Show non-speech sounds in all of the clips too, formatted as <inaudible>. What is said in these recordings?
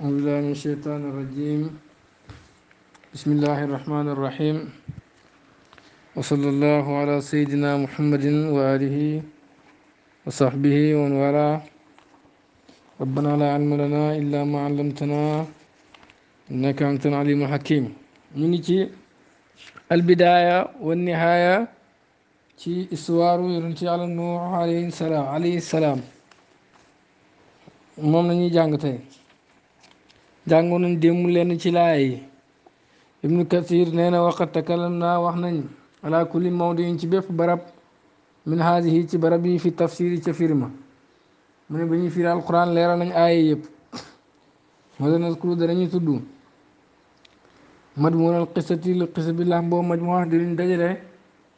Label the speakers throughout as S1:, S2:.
S1: أعوذ بالله من الشيطان الرجيم بسم الله الرحمن الرحيم وصلى الله على سيدنا محمد وآله وصحبه ومن والاه ربنا لا علم لنا إلا ما علمتنا إنك أنت العليم الحكيم من البداية والنهاية في إسوار يرنتي على نوح عليه السلام عليه السلام moom la ñuy jàng tey jàngoon nañ démb ci laay yi ibnu kathir nee na waqat wax nañ ala kulli mawdiin ci bépp barab min haadihi ci barab yi fi tafsir yi ca firma mu ne ba ñuy firi alquran leeral nañ aaye yëpp wala naskuru danañu tudd madmunal qisati lu qisa bi lamboo majmuwa di luñ dajale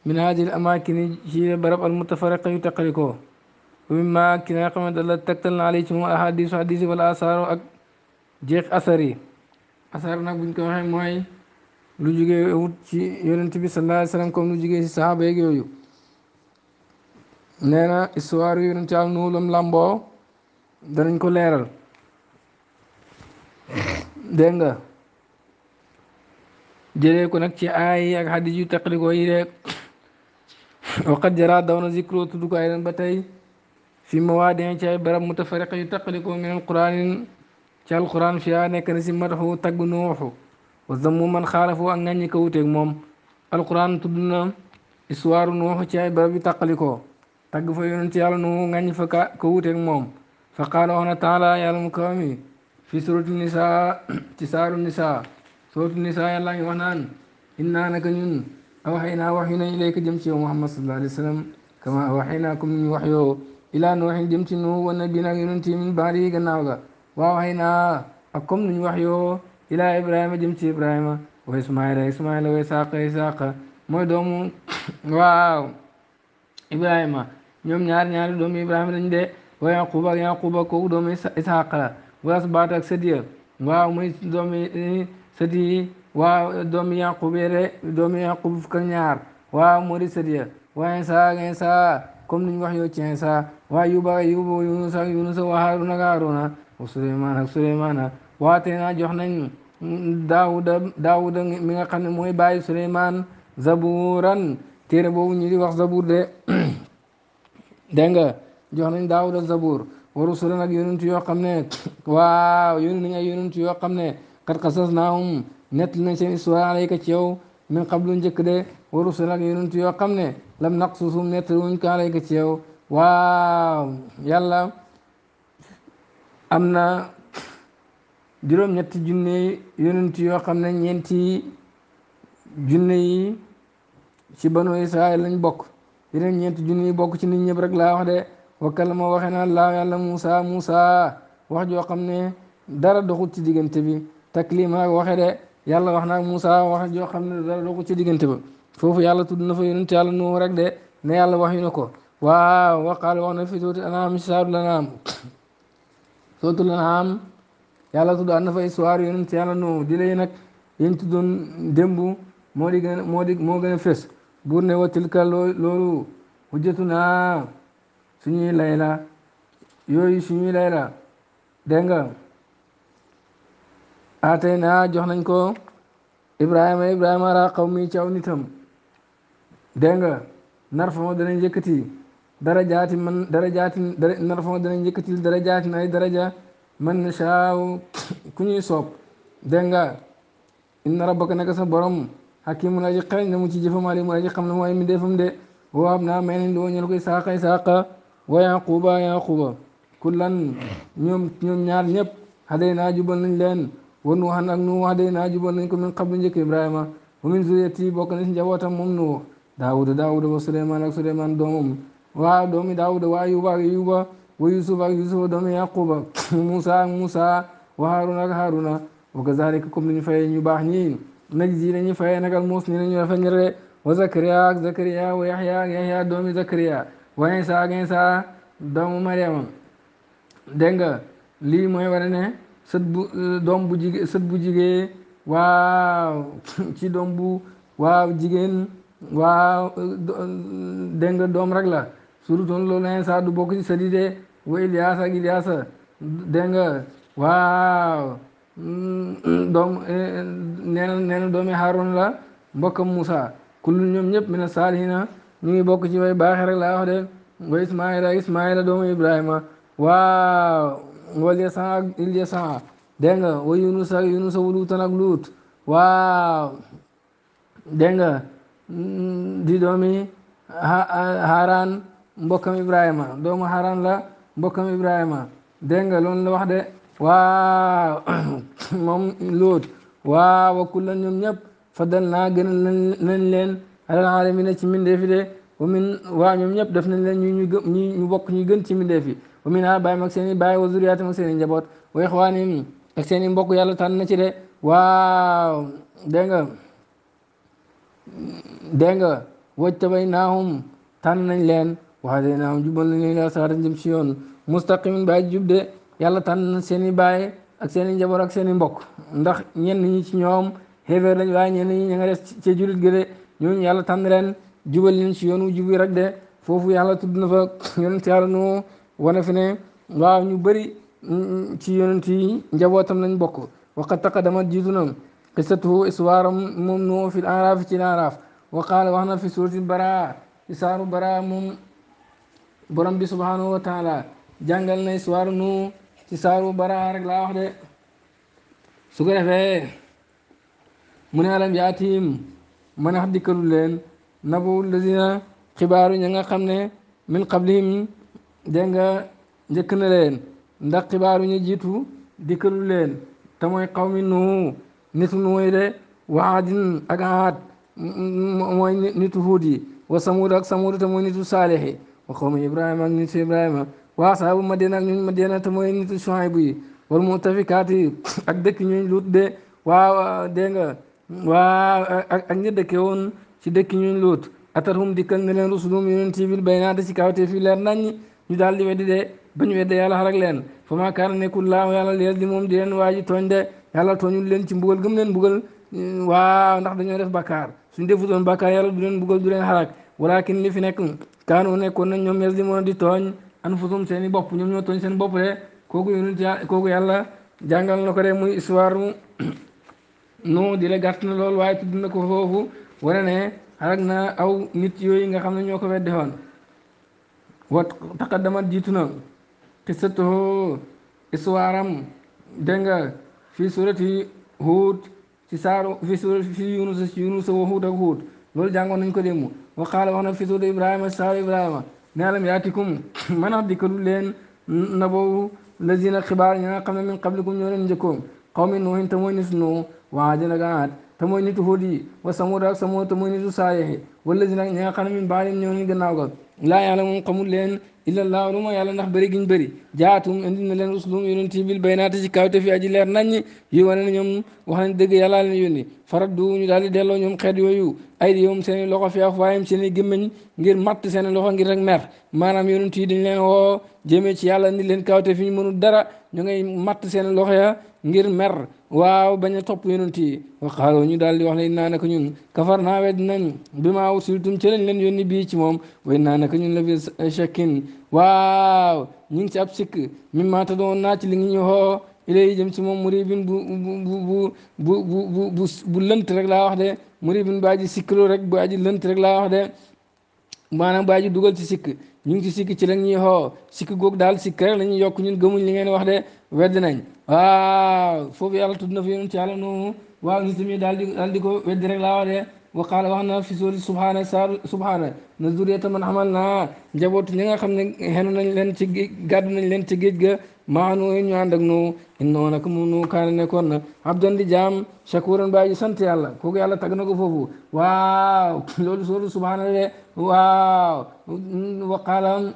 S1: min haadil amaakini barab al yu taqalikoo min ma ki nga xam ne dala naa lay ci moom ahadisu hadisi jeex asar yi asar nag buñ ko waxee mooy lu jugee wut ci yonent bi sallallahu alayhi wasallam comme lu jugee ci saxaaba yeeg yooyu nee na histoire yonent yàlla Nuux lam làmboo danañ ko leeral dégg nga jëlee ko nag ci aay ak xadis yu taqalikoo yi rek waqat jara daw na zikro tudd ay ren ba tey fi mawaadin ci ay barab mutafariqa yu taqalikoo min alquraanin ci alquran fiyaa nekk na si madaxu tagg nuuxu wa zammu man xaalafu ak ngàññi ka wuteeg moom alquran tudd na histoire nuuxu ci ay barab yu tàqalikoo tagg fa yonent yàlla nuuxu ngàññ fa ko wuteeg moom fa qaala wax na taala yàlla mu kaw mi fi suratu nisa <clears throat> ci saaru nisa suratu nisa yàlla ngi wax naan innaa naka ñun awaxaynaa wax yu nañ ilayka jëm ci yow muhammad sallallahu alayhi wa sallam kama awaxaynaa comme ñu ilaa nuuxin jëm nuuxu wa nabi naag yonent yi min baari gannaaw ga waaw xëy naa ak comme ni ñu wax yoo ilaa Ibrahima jëm ci Ibrahima wa Ismaila Ismaila wa Isaqa Isaqa mooy doomu <coughs> waaw Ibrahima ñoom ñaar ñaar doomu Ibrahima dañu dee wa Yaquba doomu Isaqa la wa Asbaata ak Sadiya waaw muy doomu Sadiya waaw doomu Yaqub yére doomu Yaqub wax yoo ci Isa wa Yuba Yuba Yunusa Yunusa wa Haruna ak Haruna wa suleymaan ak suleymaana waatee naa jox nañ daawuda daawuda mi nga xam ne mooy bàyyi suleymaan zabuuran téere boobu ñu di wax zabuur de <coughs> dégg nga jox nañ daawuda zabuur wa rusulan ak yonent yoo xam ne waaw yónni nañ ay yonent yoo xam ne kat xasas naahum nett na seen histoire alayka ci yow min lu njëkk de wa rusulan ak ti yoo xam ne lam naqsusum nett wuñ ko alayka ci yow waaw yàlla am na juróom-ñetti junne yonent yoo xam ne ñeenti junne yi ci banu Israel lañ bokk yeneen ñeenti junne yi bokk ci nit ñëpp rek la wax de wakkal ma waxee naa laa yàlla Moussa Moussa wax joo xam ne dara doxut ci diggante bi taklima waxee de yàlla wax naa Moussa wax joo xam ne dara doxut ci diggante ba foofu yàlla tudd na fa yonent yàlla Nuux rek de ne yàlla wax yu na ko waaw waqaal wax na fi tuuti anaam si la naam sootul anam yàlla tudd na fa histoire yonent yàlla nu di lay nag yéen tuddoon démb moo di gën a fës buur wa tilka loolu hujjatuna suñuy lay la yooyu suñuy lay la dégg naa jox nañ ko Ibrahima Ibrahima ra xaw mi ci nar fa ma danañ yëkkati darajaati man darajaati narfon danañ yëkkatil darajaati ay daraja man nashaaw ku ñuy soob dégg nga inna rabbaka naka sa borom hakimun aji xereñ la mu ci jëfam alimun aji xam la mooy mi defam de waab naa may nañ loo ñeel ko isaaqa isaaqa wa yaquba yaquba kullan ñoom ñoom ñaar ñëpp haday naa jubal nañ leen wa nuuhan ak nuux haday naa jubal nañ ko min qablu njëkk ibrahima wa min zuriyati bokk na si njabootam moom nuux daawuda daawuda wa suleymaan ak suleymaan doomam wa doomi daawuda wa ayuba ak ayuba wa yusuf ak yusufa doomi yaquba <coughs> musa ak musa wa haruna ak haruna wa kazalika comme ni ñu fayee ñu baax ñi najzi nañu fayee nag al muus ni nañu fa ñere wa zakariya ak zakariya wa yaxya ak yaxya doomi zakariya wa insa ak insa doomu mariama dégg nga lii mooy wane ne bu doom bu jigéen bu jigéen waaw <coughs> ci doom bu waaw jigéen waaw dégg nga doom rek la suru toon loolu ne saa du bokk ci sadi de wa ak Ilyaas dégg waaw mm, doom eh, doomi Haarun la mbokkam Musa kullu ñoom ñëpp mina saalihina ñu ngi bokk ci way baaxe rek laa wax de wa Ismaayila ak Ismaayila doomu Ibrahima waaw wal Luutan ak Luut waaw dégg mm, di doomi Haaraan mbokkam Ibrahima doomu Haran la mbokkam Ibrahima dégg nga loolu la wax de waaw <coughs> moom Lóot waaw wa kullan ñoom ñëpp fadal naa gënal nañ leen mi aalamiina ci mbindeef yi de waaw ñoom ñëpp def nañ leen ñu ñu ñu bokk ñu gën ci mbindeef fi wa min aabaa'ihim ak seen i baay wa zurriyyaatihim ak seen njaboot wa ixwaanihim ak seen i mbokk yàlla tan na ci de waaw dégg nga dégg nga wajtabainaahum tànn nañ leen. وهديناهم jubal nañu ila siraatin jëm ci mustaqimin baay jub de yàlla tànn seen i baay ak seen i njaboot ak seeni i mbokk ndax ñenn ñi ci ñoom xéeféer lañ waaye ñenn ñi ña nga des ci julit gi de yalla yàlla tànn leen jubal leen ci yoon wu rek de foofu yàlla tudd na fa yonent yàlla nu wane fi ne waaw ñu bëri ci yonent yi njabootam lañ bok waqad taqadama jiitu na qissatuhu iswaaram moom noo fi araaf ci araaf wa qaala wax fi suurati baraa isaaru baraa moom borom bi subhanahu wa taala jàngal na histoire nu ci saaru baraa rek laa wax de su ko defee mu ne alam yaatiim mën a dikkalu leen nabu lazina xibaaru ña nga xam ne min qablihim dégg nga njëkk na leen ndax xibaaru ñu jiitu dikkalu leen te mooy xawmi nuhu nitu nuuy de waadin ak aat mooy nitu huud yi wa samuud ak samuud te mooy nitu saalixi wa xawma ibrahima ak nit si ibrahima wa asaabu madiana ak ñooñ madiana te mooy nitu Shuayb yi wal mutafikaat ak dëkk ñooñ luut de waa dégg nga waa ak ñi dëkke woon ci dëkk ñooñ luut atarhum dikkal ne leen rusulum yonent yi bil baynaati ci kawtee fii leer naññi ñu daal di weddi de ba ñu wedde yàlla xarak leen fa maa kaana nekkul laaw yàlla leer di moom di leen waa ji tooñ de yàlla tooñul leen ci mbugal gëm leen buggal waa ndax dañoo def bàkkaar suñ defutoon bàkkaar yàlla du leen mbugal du leen xarak walakin li fi nekk kaanu nekkoon nañ ñoom yazlimoon di tooñ anfusum seen i bopp ñoom ñoo tooñ seen bopp de kooku kooku yàlla jàngal na ko de muy histoire <clears throat> nu di la gàtt na lool waaye tudd na ko foofu wane ne xarak na aw nit yooyu nga xam ne ñoo ko wedde woon wat taqaddamat jiitu na xissatuhu histoire am dégg nga fii surati Huud ci saaru fii surati fii Yunus Yunus wa Huud ak Huud loolu jàngoon nañ ko démb wa qaala wax na fi suuri ibrahima saaw ibrahima ne alam yaatikum manax dikkalu leen na boobu lazina xibaar ñi nga xam ne min qablikum ñoo leen njëkkoon xaw mi nuuhin te mooy nis nuu waa jëna gaanaat te mooy nitu Huud yi wa Samuud ak Samuud te mooy nitu Saaliix yi wala si nag ñi nga xam ne min baalim ñoo ñu gannaaw ga laa yàlla moom xamul leen illa laa lu ma yàlla ndax bëri giñ bëri jaatum indi na leen uslum yonent bil baynaati ci kaw te fi aji leer naññi yi wane ne ñoom wax nañ dëgg yàllaa leen yónni faraddu ñu daal di delloo ñoom xeet yooyu ay di yoom seen i loxo fi afwaayam seen i gémmiñ ngir matt seen i loxo ngir rek mer maanaam yonent yi dañ leen woo jëmee ci yàlla ni leen kaw te ñu mënul dara ñu ngay matt seen loxo ya ngir mer waaw bañ a topp yonent yi wa ñu daal di wax ne innaa naka ñun kafar naa wedd nañ bi maa usiltum ci lañ leen yónni bii ci moom wa innaa naka ñun la fi shakkin waaw ñu ngi ci ab sikk min maa ta doon naa ci li ngi ñu xoo ilay jëm ci moom muribin bu bu bu bu bu bu lënt rek laa wax de muribin baa ji sikkaloo rek baa ji lënt rek laa wax de maanaam baa ji dugal ci sikk ñu ngi ci sikk ci lañ ñuy xoo sikk googu daal sikk rek la ñuy yokk ñun gëmuñ li ngeen wax de wedd nañ waaw foofu yàlla tudd na fi ci yàlla noonu waa ñu tamit daal di daal di ko weddi rek laa wax de waqaala wax na fi sóori subhaana sar subhaana na zuriyata man amal naa njabootu ñi nga xam ne xenu nañ leen ci gàddu nañ leen ci géej ga maanu ñu ànd ak nu innoo nag nu kaane nekkoon na abdan di jaam shakuran bàyyi sant yàlla kooku yàlla tag na ko foofu waaw <laughs> loolu sóoru subhaana de waaw waqaala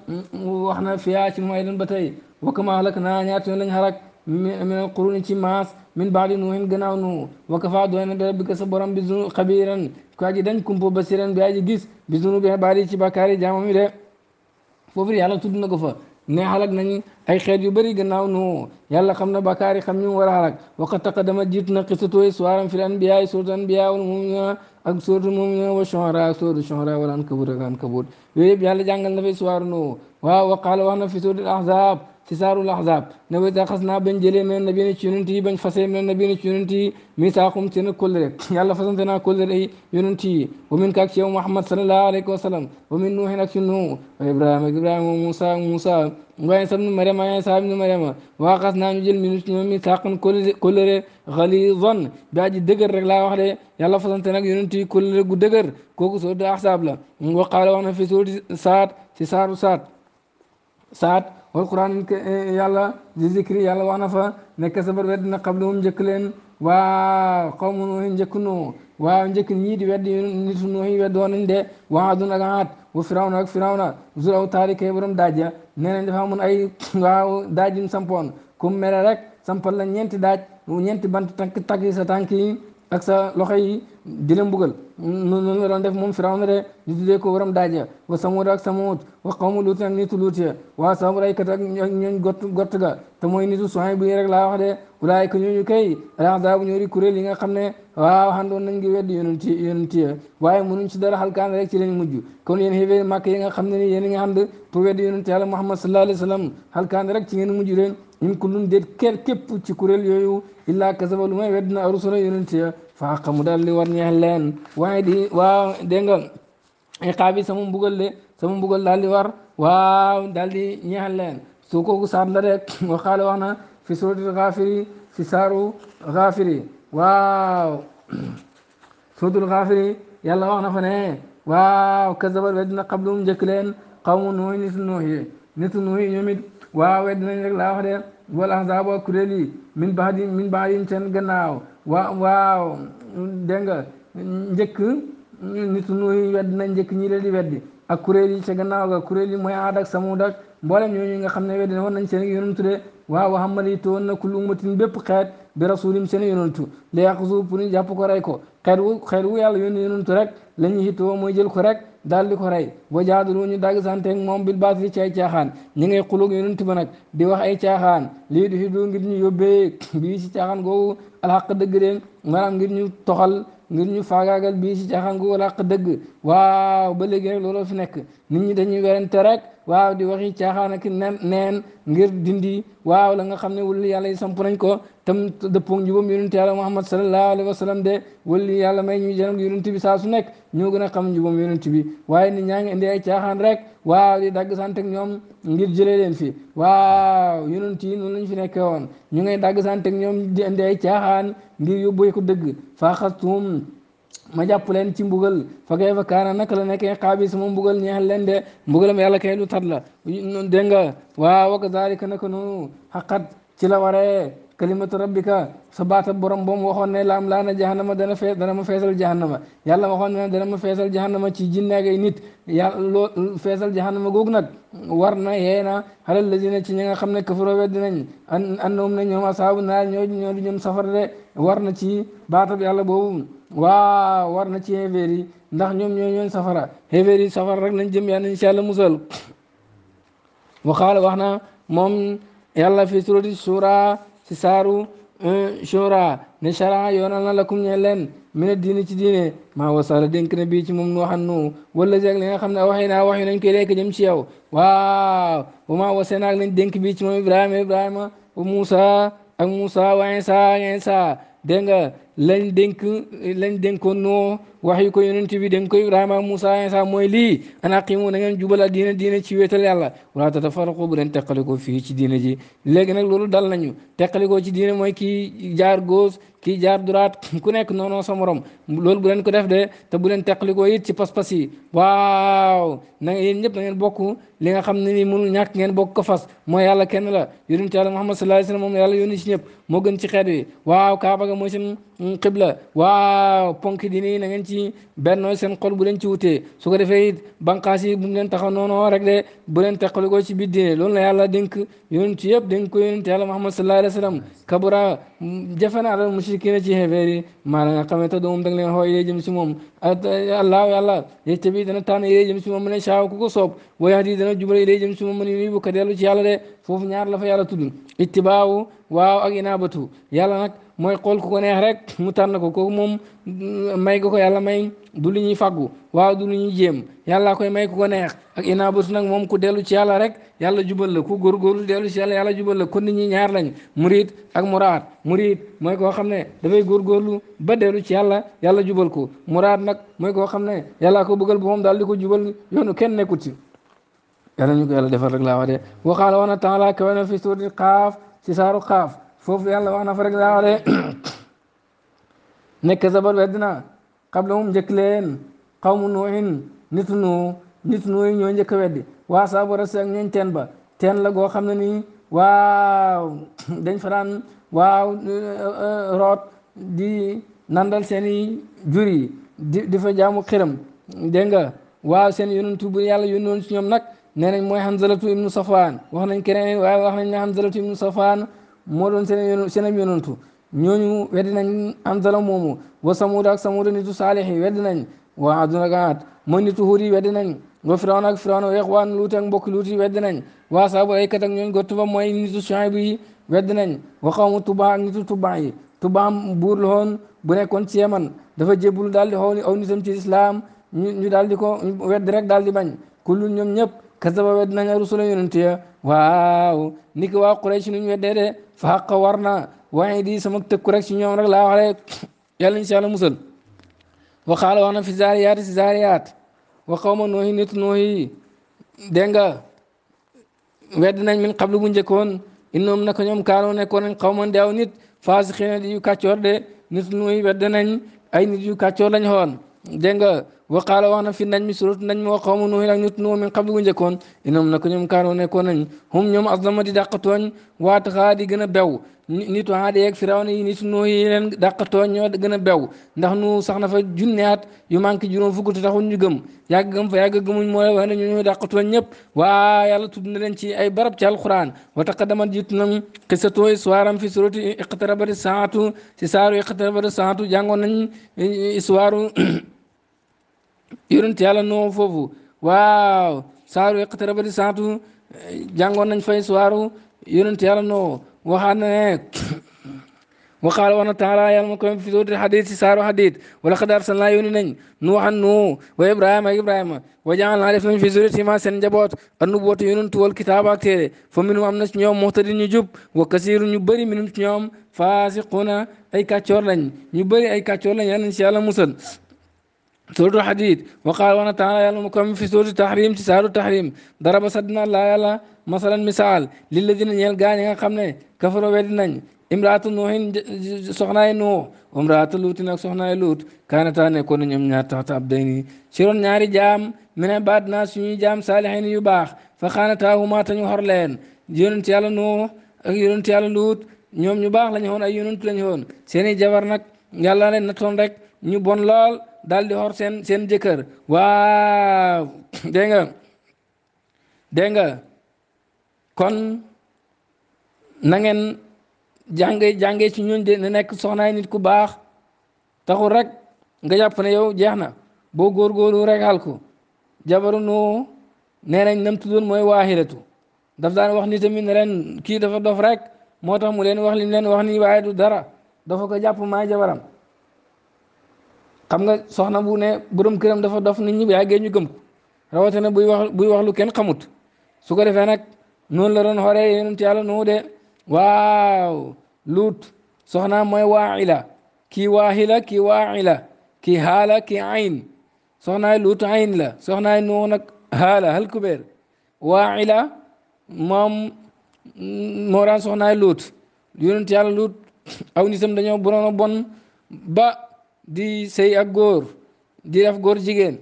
S1: wax na fiyaa ci mooy den ba tey wakkama halak naa ñaata yoon lañ halak min alquruni ci maas min baadi nuuhin gannaaw nu wakkafa doy na bi rabbika sa bi zunu xabiran kaa ji dañ kumpo basiran bi aji gis bi zunu baadi ci bakkaari jaamam yi de foofu yàlla tudd na ko fa ne xalak nañ ay xeet yu bëri gannaaw nu yàlla xam na bakaar yi xam ñu war a xalak waqad taqaddama jiitu na qisatu histoire fil anbiya suratul anbiya wal mu'minina ak suratul mu'minina wa shu'ara ak suratul shu'ara wal ankabut ak ankabut yooyu yëpp yàlla jàngal na fi histoire nu waaw waqaala wax na fi suratul ahzab ci saarul ahzaab ne way taxas naa bañ jëlee a na bine ci yonent yi bañ fase men na bine ci yonent yi mii taaxum seen kóllëre yàlla fasante naa kóllëre yi yonent yi wa min kaak ci yow Muhammad sallallahu alayhi wa sallam wa min nuuhin sab nu mariama ay saab nu xas naa ñu jël minut ñoom mi taaqan kóllëre xalidan daa ji dëgër rek laa wax de yàlla fasante nag yonent yi kóllëre gu dëgër kooku soo da ahzaab la wa qaala wax na fi suurati saat ci saaru saat saat wal quran eh, eh, yàlla di zikri yàlla wax na fa nekk sabar wedd na xablahum njëkk leen waaw xawmu nuuhin njëkk noo waaw njëkk ñii di weddi nitu nuuhi de waadun ak aat wa firawna ak firawna zul awtaari kay borom daaj ya nee nañ ay <coughs> waaw daaj yu sampoon kum mere rek sampal la ñeenti daaj ñeenti bant tànk tàkk sa tànk yi ak sa loxo yi di leen mbugal noonu la doon def moom firaw na de ñu tuddee ko waram daaja wa samuud ak samuud wa xawmu luutin ak nitu luut ya waa sabu raykat ak te mooy nitu soxna bu rek laa wax de wulaay ko ñooñu kay alax daa bu ñoori kuréel yi nga xam ne waaw xandoon nañ ngi weddi yonent yonent ya waaye mënuñ ci dara xalkaan rek ci lañ mujj kon yéen xëy màkk yi nga xam ne ni yéen nga xam ne pour weddi yonent yàlla Muhammad sallallahu alayhi wa sallam xalkaan rek ci ngeen mujj leen in kullun déet ker képp ci kuréel yooyu illaa kasaba lu may wedd na arusula yonent ya fa xaqamu daal war ñeex leen waaye di waaw dégg nga iqaabi sama mbugal de mbugal daal di war waaw daal di ñeex leen su kooku saar la rek <laughs> waxaale wax na fi suratul xaafiri fi saaru xaafiri waaw suratul <clears throat> xaafiri yàlla wax na fa ne waaw kasaba wedd na qablum njëkk leen xawmu nitu nuuy nitu nuuy ñoom waaw wedd nañ rek laa wax de wal ahzaab ak kuréel yi min baadi min baadin seen gannaaw waaw waaw dégg nga njëkk nitu nuuhi wedd nañ njëkk ñi leen di weddi ak kuréel yi ca gannaaw kuréel yi mooy aad ak samud ak mboolem ñooñu nga xam ne weddi woon nañ seen yonantu de waaw waxamali toon na kullu ummatin bépp xeet bi rasulim seen yonantu tu yàqsu pour ñu jàpp ko rey ko xeet wu xeet wu yàlla yónni yonantu rek la ñu hitoo mooy jël ko rek daal di ko rey wa jaadalu ñu dagg santeeg moom bil baatili ci ay caaxaan ñi ngay xulug yonent ba nag di wax ay caaxaan lii di xidu ngir ñu yóbbee <coughs> bii ci caaxaan googu alxaq dëgg de maanaam ngir ñu toxal ngir ñu faagaagal bii ci caaxaan googu alxaq dëgg waaw ba léegi looloo fi nekk nit ñi dañuy werante rek waaw di waxi caaxaan ak nen neen ngir dindi waaw la nga xam ne wul yàlla yi samp nañ ko tam dëppoog njubam yonent yàlla muhammad sallallahu wa sallam de wali yàlla may ñu jënam yonent bi saa nekk ñoo gën a xam njubam yonent bi waaye nit ñaa ngi ay caaxaan rek waaw di dagg santek ñoom ngir jëlee leen fi waaw yonent yi noonu lañu fi nekkee woon ñu ngay dagg santek ñoom di indi ay caaxaan ngir yóbbu ko dëgg faaxastum ma jàpp leen ci mbugal fa kay fa kaana naka la nekkee xaabi sama mbugal ñeexal leen de mbugalam yàlla kay lu tat la dégg waaw wa kazalika naka noonu xaqat ci la waree kalimatu rabbika sa baata borom boobu waxoon ne laam laana jahannama dana fee dana ma feesal jahannama yàlla waxoon ne dana ma feesal jahannama ci jinne ak ay nit yàlla loo feesal jahannama googu nag war na yee na xalal lazina ci ñi nga xam ne kafaro weddi nañ an annahum ne ñoom asaabu naar ñoo ñoo di ñoom safar de war na ci baatab yàlla boobu waaw war na ci xeefeer yi ndax ñoom ñoo ñoon safara xeefeer yi safara rek nañ jëm yàlla incha allah musal waxaala wax na moom yàlla fi surati suura ci saaru shura ne shara yoonal na lakum ñe leen mina diine ci diine maa wasala dénk na bii ci moom nu waxan nu wala jeeg li nga xam ne waxee naa wax yu nañ koy lekk jëm ci yow waaw wa maa wasee naag lañ dénk bii ci moom ibrahima ibrahima wa moussa ak moussa wa insa insa dégg nga lañ dénk lañ dénkoon noo waxyu ko yonent bi dénk ko Ibrahima Moussa Insa mooy lii an aqimu na ngeen jubal diina diina ci wéetal yàlla wala tatafaraqu bu leen teqalikoo fii ci diina ji léegi nag loolu dal nañu ko ci diina mooy ki jaar gauche kii jaar droite <coughs> ku nekk noonu sa morom loolu bu leen ko def de te bu leen ko it ci pas-pas yi waaw na yéen ñëpp na ngeen bokk li nga xam ne nii mënul ñàkk ngeen bokk ko fas mooy yàlla kenn la yonent yàlla Muhammad sallallahu alayhi wa sallam moom yàlla yónni ci ñëpp moo gën ci xeet xibla mm, waaw ponk dini na ngeen ci bennoo seen xol bu leen ci wutee su ko defee it bu mu leen taxaw noonu rek de bu leen teqalikoo ci biir diine loolu la yàlla dénk yonent yëpp dénk ko yonent yàlla Muhammad sallallahu alayhi wa sallam kabura jafe na alal mushrikina ci xeefeer yi maanaam nga xamante ne moom da nga leen xooy yéey jëm si moom allah yàlla yeccabi dana tànn yéey jëm si moom mu ne saaw ku ko soob wa yahdi dana jubal yéey jëm si moom mu ne nii bu ko dellu ci yàlla de foofu ñaar la fa yàlla tudd waaw ak inaabatu yàlla mooy xool ku ko neex rek mu tànn ko kooku moom may ga ko yàlla may du lu ñuy fàggu waaw du lu ñuy jéem yàllaa koy may ku ko neex ak inaabatu nag moom ku dellu ci yàlla rek yàlla jubal la ku góorgóorlu dellu ci yàlla yàlla jubal la kon nit ñaar lañ murid ak muraad murid mooy koo xam ne dafay lu ba dellu ci yàlla yàlla jubal ko muraad nag mooy koo xam ne yàllaa ko bëggal ba moom daal di ko jubal yoonu kenn nekkut ci yàlla ñu ko yàlla defal rek laa wax de waxaala woon na fi suuri xaaf foofu yàlla wax na fa rek laa wax de <coughs> nekk sabar weddina xabla mum njëkk leen xawmu nit nu nit nuuy ñoo njëkk weddi waa saabu rasi ak ñooñ teen ba teen la goo xam ne nii waaw <coughs> dañ fa daan waaw eh, eh, root di nandal seeni jur yi di di fa jaamu xiram dégg nga waaw seen yonentu bu yàlla yónnoon ci nag nee mooy Hanzalatu ibnu Safwaan wax nañ keneen waaye wax nañ ne Hanzalatu ibnu Safwaan moo doon seen seenam yonantu ñooñu weddi nañ an zala moomu wa samuuda ak samuuda nitu saalix yi weddi nañ wa aduna ak aad mooy nitu huur yi weddi nañ wa firawna ak firawna weex waan luuti ak mbokk luuti weddi nañ wa asaabu aykat ak ñooñ gott ba mooy nitu Shuayb yi weddi nañ wa xawmu tubaa ak nitu tubaa yi tubaa buur la woon bu nekkoon ci Yaman dafa jébbalu daal di xaw aw nitam ci islaam ñu daal di ko weddi rek daal di bañ kullu ñoom ñëpp kasaba wedd nañ rusula yonent ya waaw ni waa Quraysh nuñ weddee de fa xaqa war na waaye di sama tëkku rek ci ñoom rek laa wax rek yàlla incha allah musal waxaala wax na fi zaariyaat si zaariyaat wa qawma noohi nit noohi dégg nga wedd nañ min qablu bu njëkkoon innoom naka ñoom kaanoo nekkoon nañ xawman daaw nit faasixina di yu kàccoor de nit noohi wedd nañ ay nit yu kàccoor lañ xoon dégg nga waqaala wax na fi nañ mi suratu nañ mi wa qawmu nuuhin ak ñu nuwo min qabli bu njëkkoon inam na ko ñoom kaanoo nekkoon nañ hum ñoom azlama di dàqatooñ waat xaa di gën a bew nitu aad yeeg firawna yi nitu nuux yi leen dàqatooñ ñoo gën a bew ndax nu sax na fa junneat yu manque juróom fukk te taxul ñu gëm yàgg gëm fa yàgg gëmuñ moo wax ne ñoo ñoo dàqatooñ ñëpp waa yàlla tudd na leen ci ay barab ci alquran wa taqaddamat jiitu nam xisatoo histoire am fi suratu iqtarabati saatu si saaru iqtarabati saatu jàngoon nañ histoire yonent yàlla noo foofu waaw saaru iqtaraba di saatu jàngoon nañ fay suwaaru yonent yàlla noo waxaat na ne <coughs> waxaala wax na taala yàlla ma koy fi sóoti xadit saaru xadit wala xadaar san laa yónni nañ a nuu wa ibrahima ak ibrahima wa jaal naa def nañ fi sóoti ma seen njaboot ak nubuwatu yonent wal kitaaba ak téere fa minum am na ñoom muxtadin ñu jub wa kasiiru ñu bëri minum ci ñoom faasiquuna ay kàccoor lañ ñu bëri ay kàccoor lañ yàlla nañ si suuratu xadiid waqaal wana taala yàlla mu kam fi suuratu taxrim ci saaru taxrim daraba saddna laa yàlla masalan misaal lilladina ñeel gaañ nga xam ne kafaro weddi nañ imraatu nuuhin soxnaay nuux imraatu luutin ak soxnaay luut kaanataa nekkoon na ñoom ñaar taxta abdayni ci roon ñaari jaam mine baat naa suñuy jaam saalihin yu baax fa xaanataahumaa tañu xor leen yonent yàlla ak yonent yàlla luut ñoom ñu baax lañu woon ay yonent lañu woon seeni jabar nag yàlla leen rek ñu bon lool daal di xor seen seen jëkkër waaw <coughs> dégg nga nga kon na ngeen jànge jànge ci ñun de na nekk soxnaay nit ku baax taxul rek nga jàpp ne yow jeex na boo góorgóorlu rek xal ko jabaru nu nee nañ nam tuddoon mooy waaxilatu daf daan wax ni tamit ren kii dafa dof rek moo tax mu leen wax li leen wax ni waaye du dara dafa ko jàpp maa jabaram xam nga soxna bu ne borom këram dafa dof nit ñi yàggee ñu gëm ko buy buy wax lu kenn xamut su ko defee nag noonu la doon xoree yonent yàlla nuu de waaw luut soxna mooy waaxila kii waaxila kii waaxila kii xaala kii ayn soxnaay luut ayn la soxna nuu nag xaala hal kubeer waaxila moom moo daan soxnaay luut yonent yàlla luut aw nitam dañoo bonoon bon ba di sëy ak góor di ref góor jigéen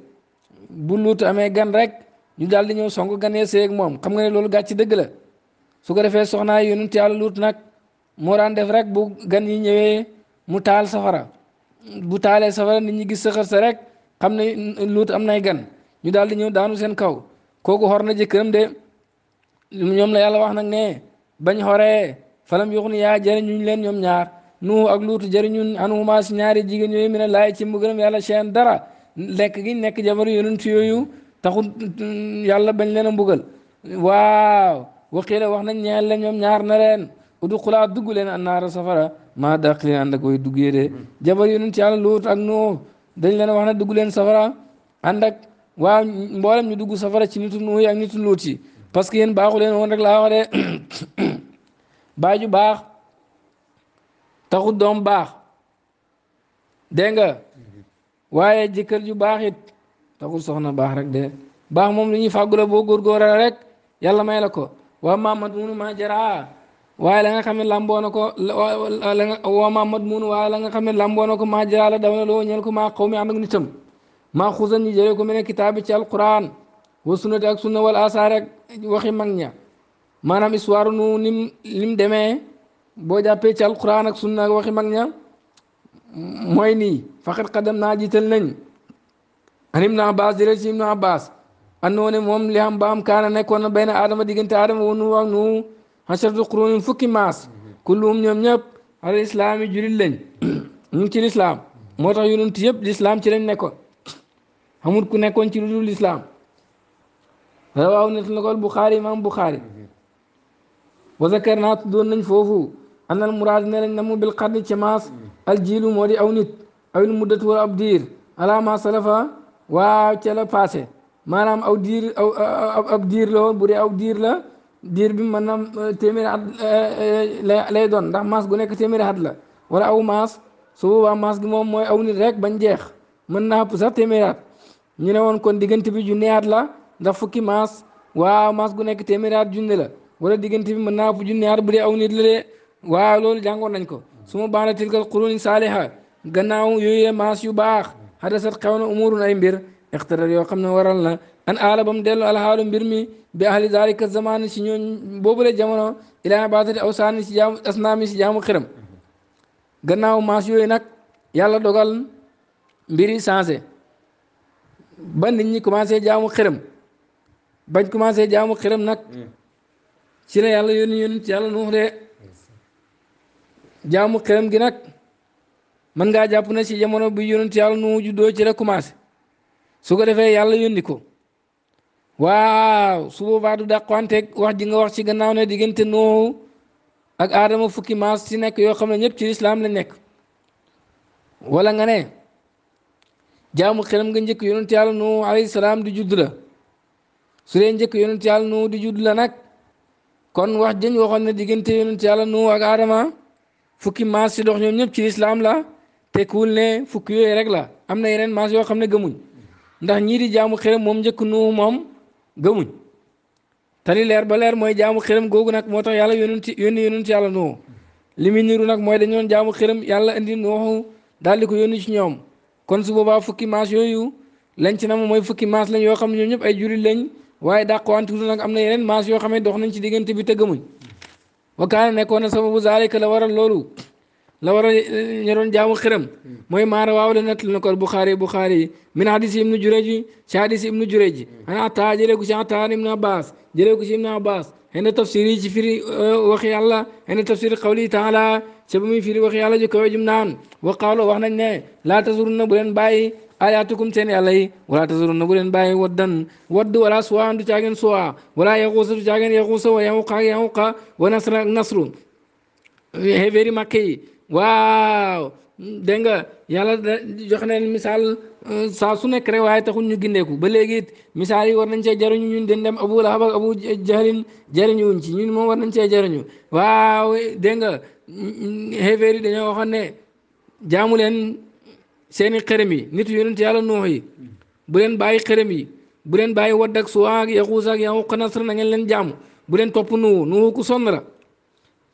S1: bu luut amee gan rek ñu daal di ñëw song ganee sëy ak moom xam nga ne loolu gàcc dëgg la su ko defee soxnaa yonent yàlla luut nag moo daan def rek bu gan yi ñëwee mu taal safara bu taalee safara nit ñi gis saxar sa rek xam ne luut am nay gan ñu daal di ñëw daanu seen kaw kooku xor na jëkkëram de ñoom la yàlla wax nag ne bañ xoree falam yuxni yaa jëriñuñ leen ñoom ñaar nu ak luutu jëriñun anuma si ñaari jigéen yooyu mi ne laay ci mbugalam yàlla seen dara nekk gi nekk jabaru yonent yooyu taxul mm, yàlla bañ leen a mbugal waaw waqiila wax nañ ñeel la ñoom ñaar na leen uduxulaa dugg leen annaara safara maa daqilin ànd ak way dugg yéde jabar yonent yàlla luut ak nu dañ leen wax ne dugg leen safara ànd ak waaw mboolem ñu dugg safara ci nitu nuuy ak nitu luut yi parce que yéen baaxu leen woon rek laa wax de <coughs> <coughs> baaju baax taxut doom baax dégg nga waaye jëkkër ju baax it taxut soxna baax rek de baax moom lu ñuy fàggu la boo góorgóoral rek yàlla may la ko waa mamat munu ma jaraa waaye la nga xam ne lamboo na ko waa mamat munu waaye la nga xam ne lamboo na ko maa jaraa la daw na loo ñeel ko maa xaw mi ànd ak nitam ma xuusan ñu jëlee ko mu ne ci alquran wa sunnati ak sunna wal asaar rek ña maanaam histoire nu nim nim boo jàppee ci alquran ak sunna ak waxi mag ña mooy nii faqat xadam naa jiital nañ an ibnu abbas jëlee ci ibnu abbas annoo ne moom li am ba am kaana nekkoon na benn aadama diggante aadama wa nu ak nu qurunin fukki maas kulluhum ñoom ñëpp al islaam yi julit lañ <clears throat> ñu ngi ci lislaam moo tax yonent yëpp lislaam ci lañ nekkoon <clears throat> amul ku nekkoon ci lu dul lislaam rawaaw net na ko al buxaari imaam buxaari wa zakarnaa tuddoon nañ foofu anal muraad ne lañ namu bil xarni ci maas jii moo di aw nit awil muddat wala ab diir ala ma salafa waaw ca la passé maanaam aw diir aw ab diir la woon bu dee aw diir la diir bi mën na téeméeri at lay doon ndax maas gu nekk téeméeri la wala aw maas su boobaa maas gi moom mooy aw rek bañ jeex mën naa ëpp sax téeméeri ñu ne woon kon diggante bi junni at la ndax fukki maas waaw maas gu nekk téeméeri at junni la wala diggante bi mën naa ëpp junni at aw nit la de waaw loolu jàngoon nañ ko suma ma baax la tilkal quruni saaliha gannaaw yooyee maas yu baax xadasat xew na umurun ay mbir ixtirar yoo xam ne waral na an aala ba mu dellu alxaalu mbir mi bi ahli zalika zaman si ñoom boobule jamono ilaa abatati aw saani si jaamu asnaami si jaamu xiram gannaaw maas yooyu nag yàlla dogal mbir yi changé ba nit ñi commencé jaamu xiram bañ commencé jaamu xiram nag mm. ci la yàlla nuux de jaamu xelam gi nag mën ngaa jàpp na ci jamono bi yonent yàlla nu juddoo ci la commencé su ko defee yàlla yónni ko waaw su boobaa du dàqanteeg wax ji nga wax ci gannaaw ne diggante noohu ak aadama fukki maas ci nekk yoo xam ne ñëpp ci lislaam la nekk wala nga ne jaamu xelam nga njëkk yonent yàlla nu alayhi salaam di judd la su dee njëkk yonent yàlla nu di judd la nag kon wax jëñ waxoon ne diggante yonent yàlla nu ak aadama fukki maas yu dox ñoom ñëpp ci lislaam la te kuul ne fukki yooyu rek la am na yeneen maas yoo xam ne gëmuñ ndax ñii di jaamu xiram moom njëkk nuu moom gëmuñ tali leer ba leer mooy jaamu xiram googu nag moo tax yàlla yónent yenu yónent yàlla nuu li mu niru nag mooy dañoon jaamu xiram yàlla indi nuuxu daal di ko yónni ci ñoom kon su boobaa fukki maas yooyu lañ ci nam mooy fukki maas lañ yoo xam ne ñoom ñëpp ay jullit lañ waaye dàqwante nag am na yeneen maas yoo xam ne dox nañ ci diggante bi te gëmuñ wakaana nekkoon na sababu zaalika la waral loolu la waral ñu doon jaamu xiram mooy maara waaw la nettali na ko Buxaari Buxaari min hadis ibnu Jureji ci hadis ibnu Jureji an Ataa jëlee ko ci Ataa ibnu Abbas jëlee ko ci ibnu Abbas xëy tafsir yi ci firi wax yàlla xëy tafsir qawli taala ca ba muy firi wax yàlla ji kawe jum naan wa qaalo wax nañ ne laa tasurunna bu leen bàyyi ayaatukum seen yàlla yi wala tasurun na bu leen bàyyi waddan wadd wala suwa du caageen suwa wala yaxuusa du caageen yaxuusa wa yaxuqa yaxuqa wa nasra nasru xevéeri màkke waaw dégg nga yàlla jox neen misaal euh, saa su nekk waaye taxul ñu gindeeku ba léegi it yi war nañ cee jariñu ñun den dem abu ci ñun moom war nañ cee jariñu waaw dégg nga xevéeri dañoo waxoon ne seeni xërëm yi nit yonent yàlla nuux yi bu leen bàyyi xërëm bu leen bàyyi wadd ak suwaa ak yaxuus na ngeen leen jaamu bu leen topp nuuhu nuuhu ku sonn la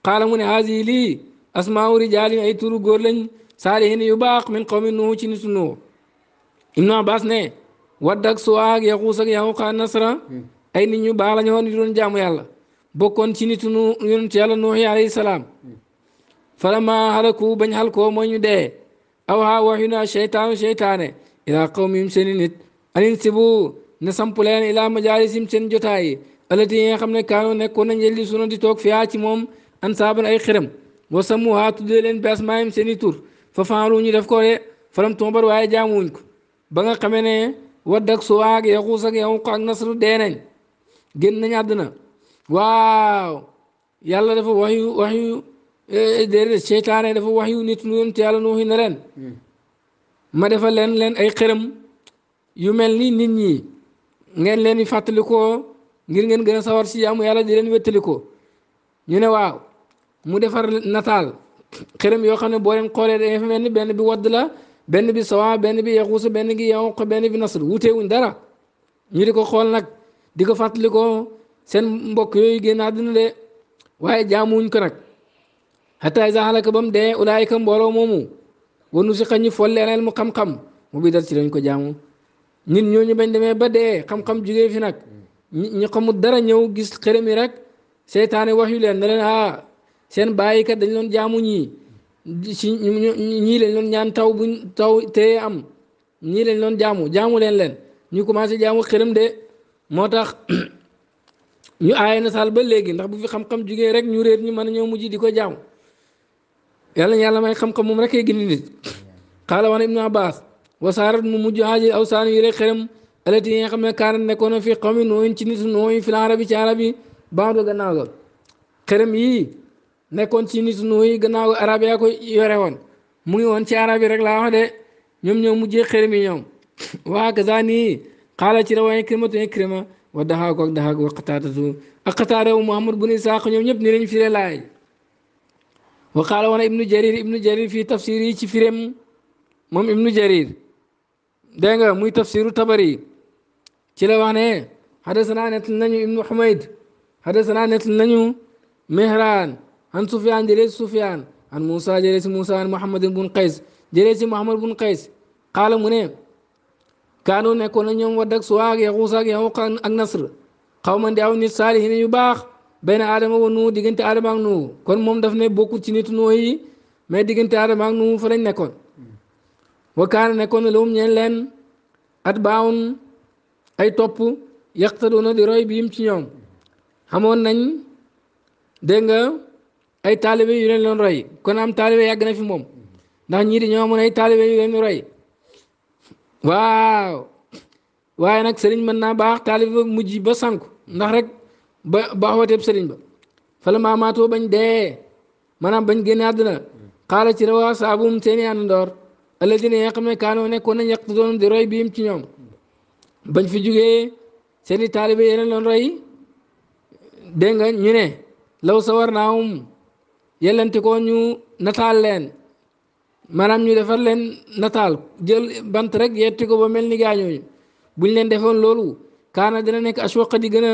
S1: xaala mu ne haasi lii asmaau rijaal ay turu góor lañ saalihin yu baax min xawmi nuuhu ci nitu nuuhu ibnu abbas ne wadd ak suwaa ak yaxuus nasra ay nit ñu baax la ñoo ni doon jaamu yàlla bokkoon ci nitu nu yonent yàlla nuuhi alayhi salaam falamaa bañ xal koo ñu dee aw haa waxyuna seytaanu seytaane ilaa qawmihim seeni nit anin sibu na samp leen ilaa majaalisim seen jotaay alati yi nga xam ne kaanoo nekkoon nañ yelli suna di toog fiyaa ci moom an saaban ay xiram wasamu haa tuddee leen bi asmaayim seeni tur fa faalu ñu def ko de faram tombar waaye jaamuwuñ ko ba nga xamee ne wadd ak soo ak yaxuus ak yaxuq ak nasru dee nañ génn nañ àdduna waaw yàlla dafa waxyu waxyu Eh, déedéet seytaane dafa wax yu nit ñu yonent yàlla nuuxi na leen ma defal leen leen ay xërëm yu mel ni nit ñi ngeen leen di fàttalikoo ngir ngeen gën a sawar si yaamu yàlla di leen wéttalikoo ñu ne waaw mu defar nataal xërëm yoo xam ne boo leen xoolee da fa mel ni benn bi wadd la benn bi sawa benn bi yaxuusa benn gi yawq benn bi nas nasr wuteewuñ dara ñu di ko xool nag di ko fàttalikoo seen mbokk yooyu génn àdduna de waaye jaamuwuñ ko nag xataa isa xalaka ba mu dee ulaayika mbooloo moomu wanu si xañi folleeleel mu xam-xam mu bi dal ci dañ ko jaamu nit ñooñu bañ demee ba dee xam-xam jugee fi nag ñi xamul dara ñëw gis xërëm yi rek seytaane wax yu leen ne seen bàyyi dañ doon jaamu ñii ci ñii lañ doon ñaan taw buñ taw téye am ñii lañ doon jaamu jaamu leen leen ñu commencé jaamu xërëm de moo tax ñu <clears throat> aaye na saal ba léegi ndax bu fi xam-xam jugee rek ñu réer ñu mën a ñëw mujj di ko jaamu yàlla yàlla may xam mu moom rek ay gindi nit xaala wax na ibnu abbas wasaarat mu mujj aaji aw saan yi rek xerem alati yi nga xam ne kaana nekkoon na fi xawmi nooyin ci nit nooyin fil arabi ci arab yi baado gannaaw ga xerem yii nekkoon ci nit nooyi gannaaw arab yaa ko yore woon mu ngi woon ci arab yi rek laa wax ñoo mujjee xerem yi ñoom waa kazaan yi xaala ci rawaay kirimatu wa daxaaku ak daxaaku wa xataatatu ak Muhammad bu ni saaq ñoom ñëpp ni lañ firee laay wa qaala wana ibnu jarir ibnu jarir fii tafsir yi ci firem moom ibnu jarir dégg nga muy tafsiru tabari ci la wax ne xadasanaa nettal nañu ibnu xumayd xadasanaa nettal nañu mihran an sufyaan jëlee si sufyaan an muusa jëlee si muusa an muhammad bun qays jëlee si muhammad bun qays qaala mu ne kaanu nekkoon na ñoom wadd ak suwaag yaxuus ak yaxuuq ak nasr xaw di aw nit saalihin yu baax benn aadama wa nuuhu diggante aadama ak kon moom daf ne bokkut ci nit nuuhu yi mais diggante aadama ak nuuhu fa lañ nekkoon wa kaana nekkoon la lawum ñeen leen at baawun ay topp yaqtadoona di roy biim ci ñoom xamoon nañ dégg nga ay taalibe yu leen doon roy kon am taalibe yàgg fi moom ndax ñii di ñoo amoon ay taalibe yu leen roy waaw waaye nag sëriñ mën naa baax taalibe mujj ba sànku ndax rek ba ba xawateeb sëriñ ba fala maa maatoo bañ dee maanaam bañ génne àdduna xaala ci rawaa saabum seeni àndandoor alladina yi nga xam ne kaanoo nekkoon nañ doon di roy biim ci ñoom bañ fi jugee seeni taalibe yeneen loon roy dégg ko ñu nataal maanaam ñu defar leen nataal jël bant rek yetti ko ba mel ni gaañooñu buñ leen defoon loolu kaana dina nekk ashwaqa di gën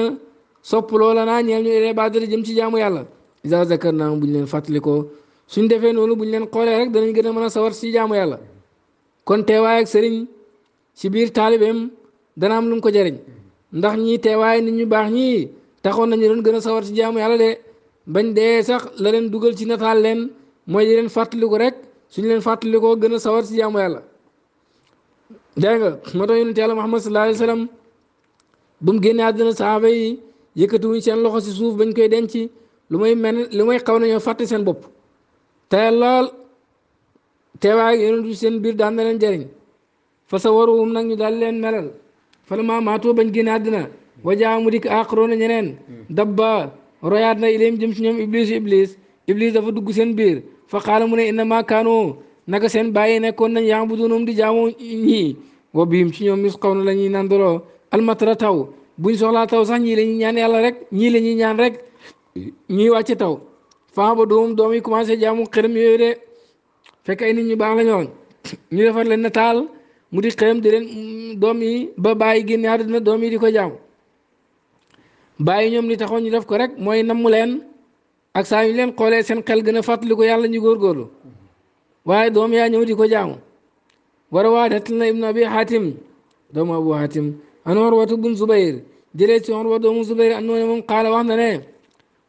S1: sopp loola naa ñeel ñu ilee baadara jëm ci jaamu yàlla isa zakar naa buñ leen fàttalikoo suñ defee noonu buñ leen xoolee rek danañ gën a mën a sawar si jaamu yàlla kon teewaay ak sëriñ ci biir taalibeem dana am lu ko jariñ ndax ñii teewaay nit ñu baax ñii taxoon nañu doon gën a sawar si jaamu yàlla de bañ dee sax la leen dugal ci nataal leen mooy di leen fàttaliku rek suñ leen fàttalikoo gën a sawar si jaamu yàlla dégg nga moo tax yonent yëkkatiwuñ seen loxo si suuf bañ koy denc lu may mel lu may xaw nañoo fàtte seen bopp tey lool teewaay yonent seen biir daan na leen jëriñ fa sa waruwum nag ñu daal leen melal fala maa maatoo bañ génn àddina wajaa mu dikk aaxaroona ñeneen dabba royaat na ileem jëm si ñoom iblis iblis iblis dafa dugg seen biir fa xaala mu ne innama kaanoo naka seen bàyyi nekkoon nañ yaa bu doonum di jaamu ñii wa biim ci ñoom mis kaw na la ñuy nandaloo almatara taw buñ soxlaa taw sax ñii la ñuy ñaan yàlla rek ñii la ñuy ñaan rek ñuy wàcc taw faa ba doom doom yi commencé jaamu xërëm yooyu de fekk ay nit ñu baax la ñoon <coughs> ñu defar leen na taal mu di xërëm di leen doom yi ba bàyyi génn àdduna doom yi di ko jaamu bàyyi ñoom li taxoon ñu def ko rek mooy namm leen ak saa ñu leen xoolee seen xel gën a fàttali ko yàlla ñu góorgóorlu waaye doom yaa ñëw di ko jaamu war a waa dettal na ibnu abi hatim doomu abu hatim an Urwata bun Zubayr jële ci Urwa doomu Zubayr an noone moom qaala wax na ne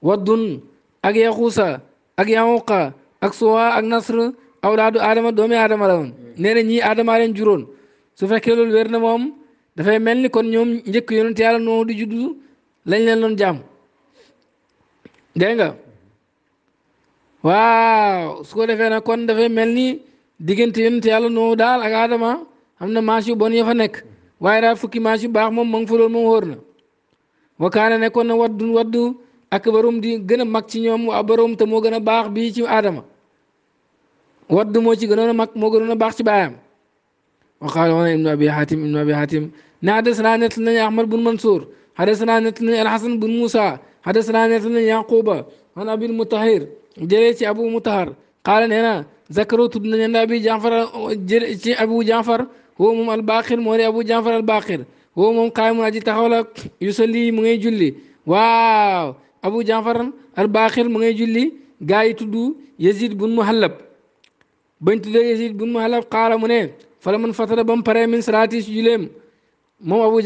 S1: waddun ak yaxuusa ak yamuqa ak suwa ak nasr awlaadu aadama doomi aadama la woon nee na ñii aadama leen juróon su fekkee loolu wér na moom dafay mel ni kon ñoom njëkk yonent yàlla noonu di juddu lañ leen doon jaam dégg nga waaw su ko defee nag kon dafay mel ni diggante yonent yàlla noonu daal ak aadama am na maas yu bon ya nekk waaye daal fukki maas baax moom ma nga moom wóor na wakaana nekkoon na waddu waddu ak di gën a mag ci ñoom wa barum te moo gën a baax bii ci aadama waddu moo ci gënoon a moo gënoon a baax ci baayam wa qaala wana ibnu abi hatim ibnu abi hatim ne hadasana nettal nañu ahmad bun mansour hadasana nettal nañu alhasan bun moussa hadasana nettal nañu yaquba an abil mutahir jëlee ci abu mutahar qaala nee na zakaro tudd nañu abi jaafar jëlee woo moom albaqir moo di abu janfar albaqir woo moom qaayimun aji taxaw la yusalli mu ngay julli waaw abu janfar albaqir mu ngay julli gaa yi tudd bun mu ne fala man fatara ba mu paree min salaati si juleem moom abu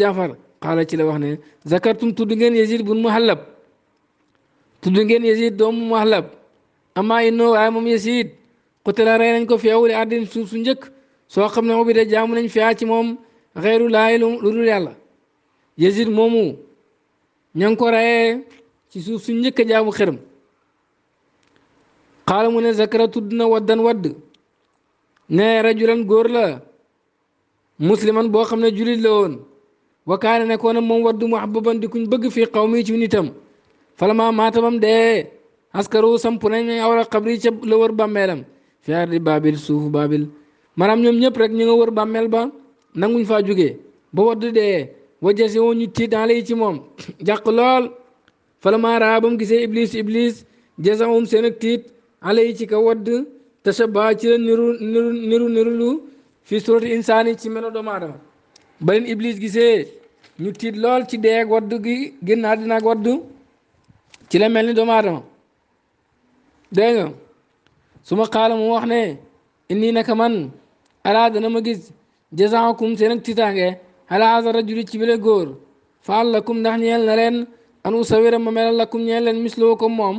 S1: qaala ci la wax ne zakartum tudd ngeen yazid bun muhallab tudd ngeen yazid doomu muhallab amaa innoo waaye moom yazid qutila rey fi awli ardin suuf njëkk soo xam ne bi de jaamu nañ fiyaa ci moom xeeru laay lu dul yàlla Yezid moomu ña ngi ko ci suuf su njëkk a jaamu xërëm xaala mu ne zakara tudd waddan wadd ne rajulan góor la musliman boo xam ne julit la woon wakaane nekkoon moom wadd muhabbaban di kuñ bëgg fi xaw mi ci nitam falama maatamam dee askaru samp nañ awra xabri ca la wër bàmmeelam fiar di babil suufu babil maanaam ñoom ñëpp rek ñu nga wër bàmmeel ba nanguñ faa jóge ba wadd dee wajja si woon ñu tiit ale yi ci moom <laughs> jàq lool falamaa raa ba mu gisee iblis iblis jasahum seen ak tiit ale yi ci ka wadd tashabaa ci la niru niru niru nirulu fii surati insaani ci melo doomu aadama ba leen iblis gisee ñu tiit lool ci dee ak wadd gi génn àddina ak wadd ci la mel ni doomu aadama dégg nga su ma xaala mu wax ne inni naka man alaa dana ma gis jazaakum seen ak tiitaange alaa haza ci bile góor faal lakum ndax ñeel na leen an usawira ma melal lakum ñeel leen misloo ko moom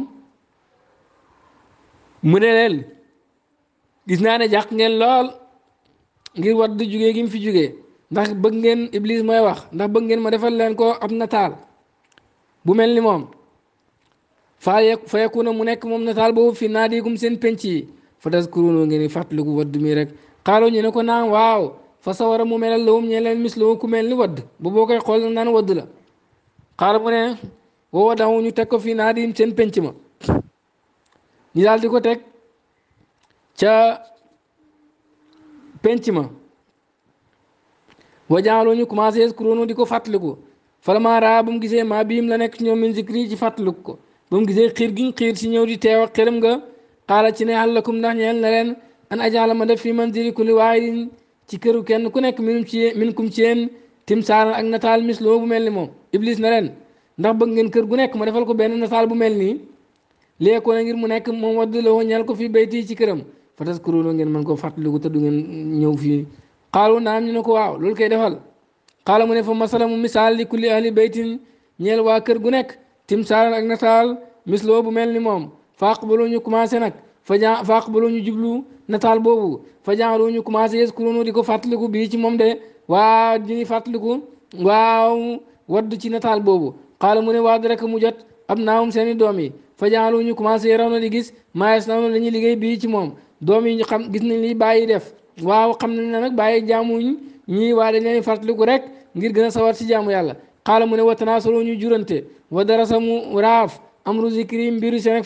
S1: mu ne leen gis naa ne jàq ngeen lool ngir war di jugee gi mu fi jugee ndax bëgg ngeen iblis mooy wax ndax bëgg ngeen ma defal leen ko ab nataal bu mel ni moom faa fa na mu nekk moom nataal boobu fi naadikum seen penc yi fa taskurunu ngeen fàttaliku wadd mi rek xaaroo ñu ne ko naam waaw fa sawara mu melal lawum ñe leen mislu ku mel ni wadd bu boo koy xool naan wadd la xaar mu ne woo wadawu ñu teg ko fii naa di seen penc ma ñu daal di ko teg ca penc ma wajaalo ñu commencé escrono di ko fàttaliku falamaa raa ba mu gisee maa biim la nekk ñoom min zikri ci fàttaliku ko ba mu gisee xiir giñ xiir si ñëw di teew ak nga xaala ci ne àllakum ndax ñeel leen an ajaala ma def fi manzili kulli waahidin ci kër kenn ku nekk minum ci minkum ci yéen timsaalan ak nataal misloo bu mel ni moom iblis na ren ndax bëgg ngeen kër gu nekk ma defal ko benn nataal bu mel nii léekoo na ngir mu nekk moom wadd loo ñal ko fi bayti ci këram fatas kuróoloo ngeen mën ko te du ngeen ñëw fii xaalu naam ñu ne ko waaw loolu koy defal xaala mu ne fa masala mu misaal li kulli ahli baytin ñeel waa kër gu nekk timsaalan ak nataal misloo bu mel ni moom faaq baloo ñu commencé nag fa faaq baloo ñu jublu nataal boobu fa jaaxloo ñu commencé yeskuroonu di ko fàttaliku bii ci moom de waaw ñu fàttaliku waaw wadd ci nataal boobu xaala mu ne waad rek mu jot ab naawum seen i doom yi fa ñu commencé raw di gis maes naw na la ñuy liggéey bii ci moom doom yi ñu xam gis nañ li bàyyi def waaw xam nañ ne nag bàyyi jaamuñ ñii waa dañ leen fàttaliku rek ngir gën a sawar ci jaamu yàlla xaala mu ne wa tanaasoro ñu jurante wa darasa mu raaf amru zikri mbiru seen ak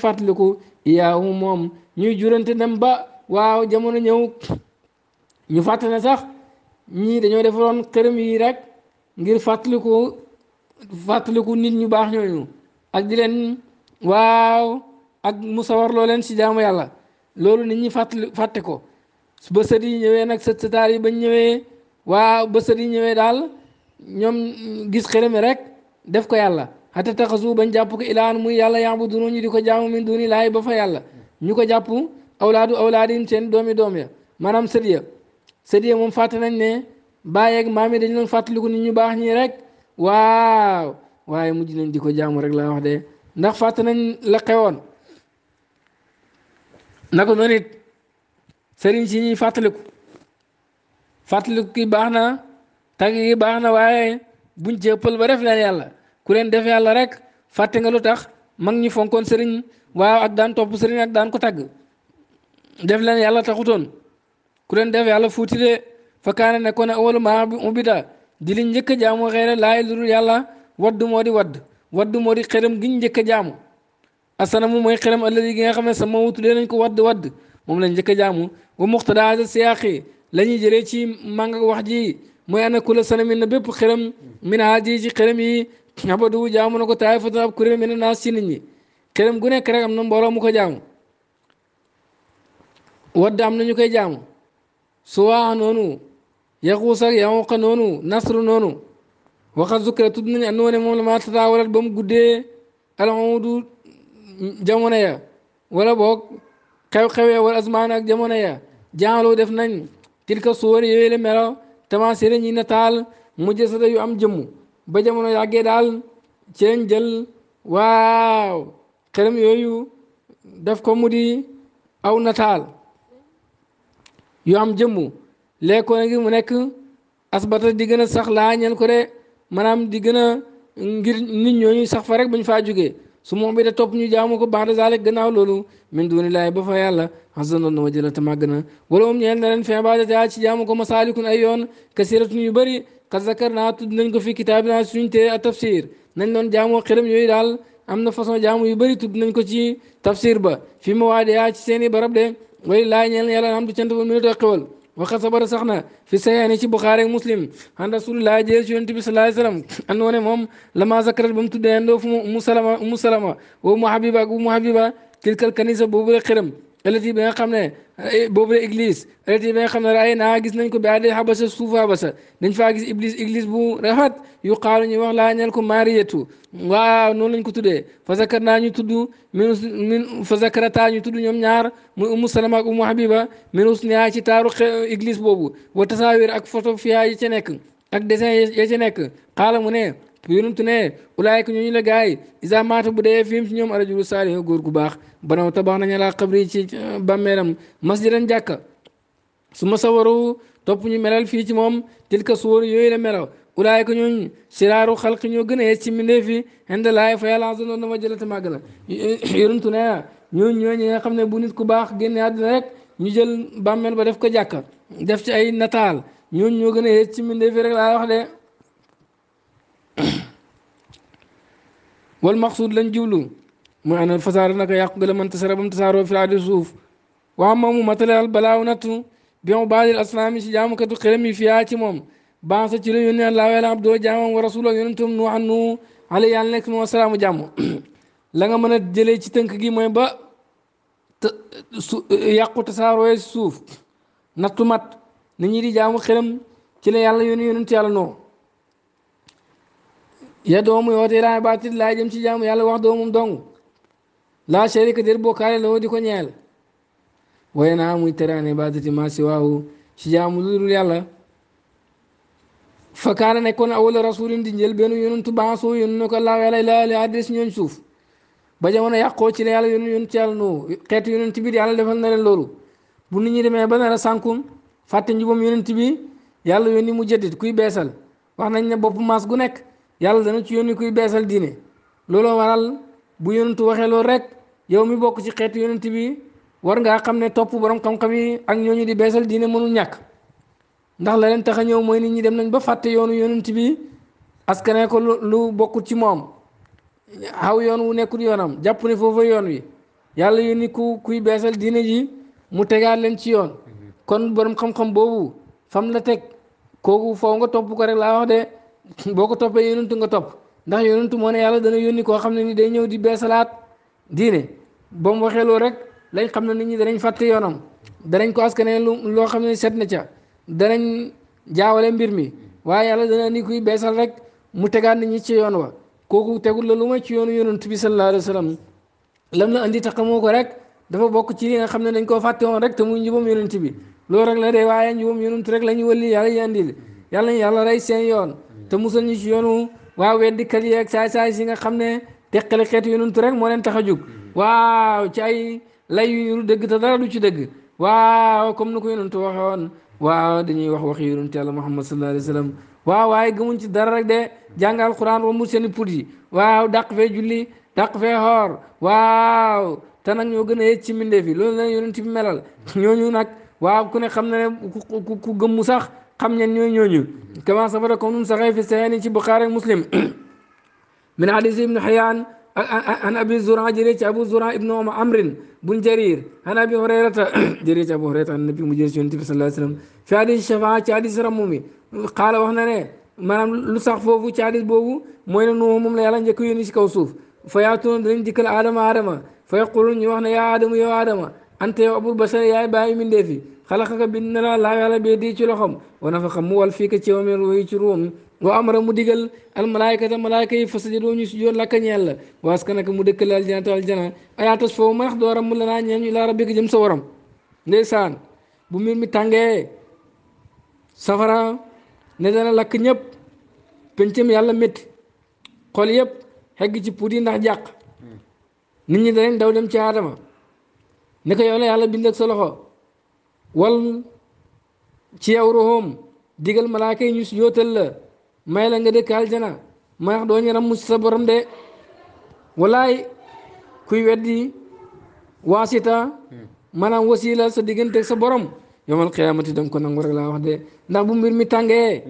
S1: waaw jamono ñëw ñu fàttali sax ñii dañoo defaroon këram yii rek ngir fàttaliku fàttaliku nit ñu baax ñooñu ak di leen waaw ak musawar loo leen si jaamu yàlla loolu nit ñi fàttali fàtte ko ba sët ñëwee nag sët sëtaar yi bañ ñëwee waaw ba sët ñëwee daal ñoom gis xërëm rek def ko yàlla xata taxasu bañ jàpp ko ilaan muy yàlla yaabu dunu ñu di ko jaamu min duni laay ba fa yàlla ñu ko jàpp awlaadu awlaadin seen doomi doom ya maanaam sët ya sët moom fàtte nañ ne bàyyeeg maam yi dañu doon fàttaliku nit ñu baax ñii rek waaw waaye mujj nañ di ko jaamu rek laa wax de ndax fàtte nañ la xewoon naka noonu it sëriñ si ñuy fàttaliku fàttaliku ki baax na tagg yi baax na waaye buñ ci ëppal ba def leen yàlla ku leen def yàlla rek fàtte nga lu tax mag ñi fonkoon sëriñ waaw ak daan topp sëriñ ak daan ko tagg def leen yàlla taxutoon ku leen def yàlla fuuti de fa kaana nekkoon awalu maa ubida di li njëkk a jaamu xëy na laay lu dul yàlla waddu moo di wadd waddu moo di xërëm gi njëkk a jaamu asanamu mooy xërëm alladi gi nga xam ne sama wutudee nañ ko wadd wadd moom lañ njëkk a jaamu wa muxtada siyaaqi la ñuy jëlee ci mànga wax ji mooy ana kula sanami na bépp xërëm min haaji ci xërëm yi abadu jaamu na ko taay fatan ab kuréel min naas ci nit ñi xërëm gu nekk rek am na mbooloo mu ko jaamu wadda am na ñu koy jaamu suwaa noonu yaxuus ak yamuqa noonu nasru noonu waxat zukkira tudd nañu ànd wane moom la ma tataawalat guddee alxamudu jamono ya wala boog xew-xewee wala asmaan ak jamono ya jaaloo def nañ tilka suwar yooyu la melo tamaasira ñi nataal mujjasada yu am jëmm ba jamono ya daal ci lañ waaw xelam yooyu def ko mu di aw nataal yu am jëmm léekoo ngi mu nekk asbata di gën a sax laa ñeen ko de maanaam di gën a ngir nit ñooñu sax fa rek bañ faa jógee su moom bi da topp ñu jaamu ko baax de zaalik gannaaw loolu min duuni laay ba fa yàlla xasanoon na ma jëla màgg na wala moom ñeel na leen fi ibaadata ci jaamu ko masaalikun ay yoon kasiratun yu bëri xad zakar naa tudd nañ ko fi kitaab naa suñu téere a tafsir nañ doon jaamoo xiram yooyu daal am na façon jaamu yu bëri tudd nañ ko ci tafsir ba fi ma waa de ci seen i barab de way laa ñeel yàlla alhamdu cant bu minute xewal sabara sax na fi sayaani ci buxaari ak muslim an rasulillah jëlee ci yonent bi sallallahu alayhi wasallam andoo ne moom lama zakarat ba mu tuddee andoo fu mu salama mu salama wa mu habiba ak mu habiba tilkal kanisa boobu la xiram alati ba nga xam ne boobu la église alati bi nga xam ne eh, raay naa gis nañ ko bi àddi xabasa suufu xabasa dañ faa gis iblis église bu rafet yu xaalu ñu wax laa ñel ko maariyatu waa noonu lañ ko tuddee fa zakar naa ñu tudd min min fa zakarata ñu tudd ñoom ñaar muy umu salama ak umu habiba min usniha ci taaru église boobu wa tasawir ak photo fiyaa yi ca nekk ak dessin ya ca nekk xaala mu ne yonentu ne ulaay ko ñooñu la gaay isa maata bu dee fiim ci ñoom arajulu saalihu góor gu baax banaw tabax nañu laa xabri ci bàmmeeram masjidan jàkka su ma sawaru topp ñu melal fii ci moom tilka suwar yooy la melaw ulaay ko ñooñu siraaru xalq ñoo gën a yees ci mbindee fi indi laay fa yàlla anzaloon na ma jëlate màgg la <coughs> yonentu ne ñooñu ñooñu nga xam ne bu nit ku baax génne àddina ñu jël bàmmeel ba def ko jàkka def ci ay nataal ñooñu rek laa wax de wal maqsuud lañ jiwlu mooy anal fasaara naka yàqu gëla man tasara bam tasaaroo fi suuf waa ma mu matalal balaaw nattu bi mu baalil aslaami si jaamukatu xërëm yi fiyaa ci moom bansa ci la yónnee laa weela wa rasul ak yonentam nu waxan nu xale yàlla nekk nu wasalaamu jàmm la nga mën a jëlee ci tënk gi mooy ba su suuf nattu mat nit ñi di jaamu xërëm ci la yàlla yónnee yonent yàlla noo ya doomu yoo tee laa baatil laa jëm ci jaamu yàlla wax doomum dong laa sharika dér bokkaale la woo di ko ñeel waaye naa muy teraane baatati maa si waaw ci lu dul yàlla fakaana nekkoon awala rasulin di njël benn yonentu baasoo yónnu na ko laaw yàlla ñooñ suuf ba jamono yàqoo ci la yàlla yónni yónni ci yàlla noo xeetu yónent bi yàlla defal na leen loolu bu nit ñi demee ba nar a bi yàlla yónni mu jëddit kuy beesal wax nañ ne bopp maas gu nekk yàlla dana ci yoon yónni kuy beesal diine looloo waral bu yonentu waxee loolu rek yow mi bokk ci xeetu yonent bi war ngaa xam ne topp borom xam-xam yi ak ñooñu di beesal diine mënul ñàkk ndax la leen tax a ñëw mooy nit ñi dem nañ ba fàtte yoonu yonent bi askane ko lu bokkut ci moom xaw yoon wu nekkul yoonam jàpp ne foofa yoon wi yàlla yónni ku kuy beesal diine ji mu tegaat leen ci yoon mhm. kon borom xam-xam boobu fam la teg kooku foo nga topp ko rek laa wax <laughs> boo ko toppee yonentu nga topp ndax yonentu moo ne yàlla dana yónni koo xam ne ni day ñëw di beesalaat diine ba mu waxee loolu rek lañ xam ne nit ñi danañ fàtte yoonam danañ ko askanee lu loo xam ne set na ca danañ jaawale mbir mi waaye yàlla dana ni kuy beesal rek mu tegaat nit ñi ci yoon wa kooku tegul la lu may ci yoonu yonent bi sallallahu alayhi wa sallam lam la andi taxamoo ko rek dafa bokk ci li nga xam ne dañ koo fàtte woon rek te muy njubam yonent bi loolu rek la de waaye njubam yonent rek la ñu wëli yàlla yi andil yàlla yàlla rey seen yoon te musal ñu ci yoonu waaw weddikat yi ak saay-saay si nga xam ne teqale xeetu yonantu rek moo leen tax a jóg waaw ci ay lay yu ñu dëgg te dara du ci dëgg waaw comme nu ko yonantu waxee woon waaw dañuy wax wax yonantu yàlla muhammad sallallahu alayhi wa sallam waaw waaye gëmuñ ci dara rek de jàngal quran romb seen i put yi waaw dàq fee julli dàq fee xoor waaw te nag ñoo gën a yegg ci mbindeef yi loolu la yonent bi melal <laughs> ñooñu nag waaw ku ne xam na ne ku gëmmu sax xam ñen ñooy ñooñu kama safara comme nu mu saxee fi saxiixayni ci Buxaari ak Muslim <coughs> min hadis ibnu Xiyaan an abi Zura jëlee ci abu Zura ibnu Amrin bun Jarir an abi Hurayrata <coughs> jëlee ci abu Hurayrata an nabi mu jëlee ci yonent bi sallallahu alayhi wa sallam fi hadis shafaa ci hadis ramu mi xaala wax na maanaam lu sax foofu ci hadis boobu mooy ne Nuux moom la yàlla njëkk yónni ci kaw suuf fa yaatuuna danañ dikkal Adama Adama fa yaquluun ñu wax ne yaa Adama yow Adama anta yow abul bashar yaay bàyyi mindeefi xalaxaka bind na la laa yàlla bee di ci loxom wa nafaxa mu wal fii ka ci wamin ruuyi ci ruum wa mu digal al ka naka mu dëkkal aljana te aljana ayaa mu la naa laa rabbi ka jëm sa waram mi tàngee safara ne lakk ñëpp pencam yàlla métti xol yëpp xegg ci puut ndax jàq hmm. nit ñi daw dem ci aadama ne ko yow la bind ak sa loxo wal ci yow ruhum digal malaaka yi ñu si yóotal la may la nga dëkk aljana may wax doo ñu ram mucc sa borom de walaay kuy weddi waasita maanaam wasila sa digganteeg sa borom yomal xiyaamati danga ko nangu rek la wax de ndax bu mbir mi tàngee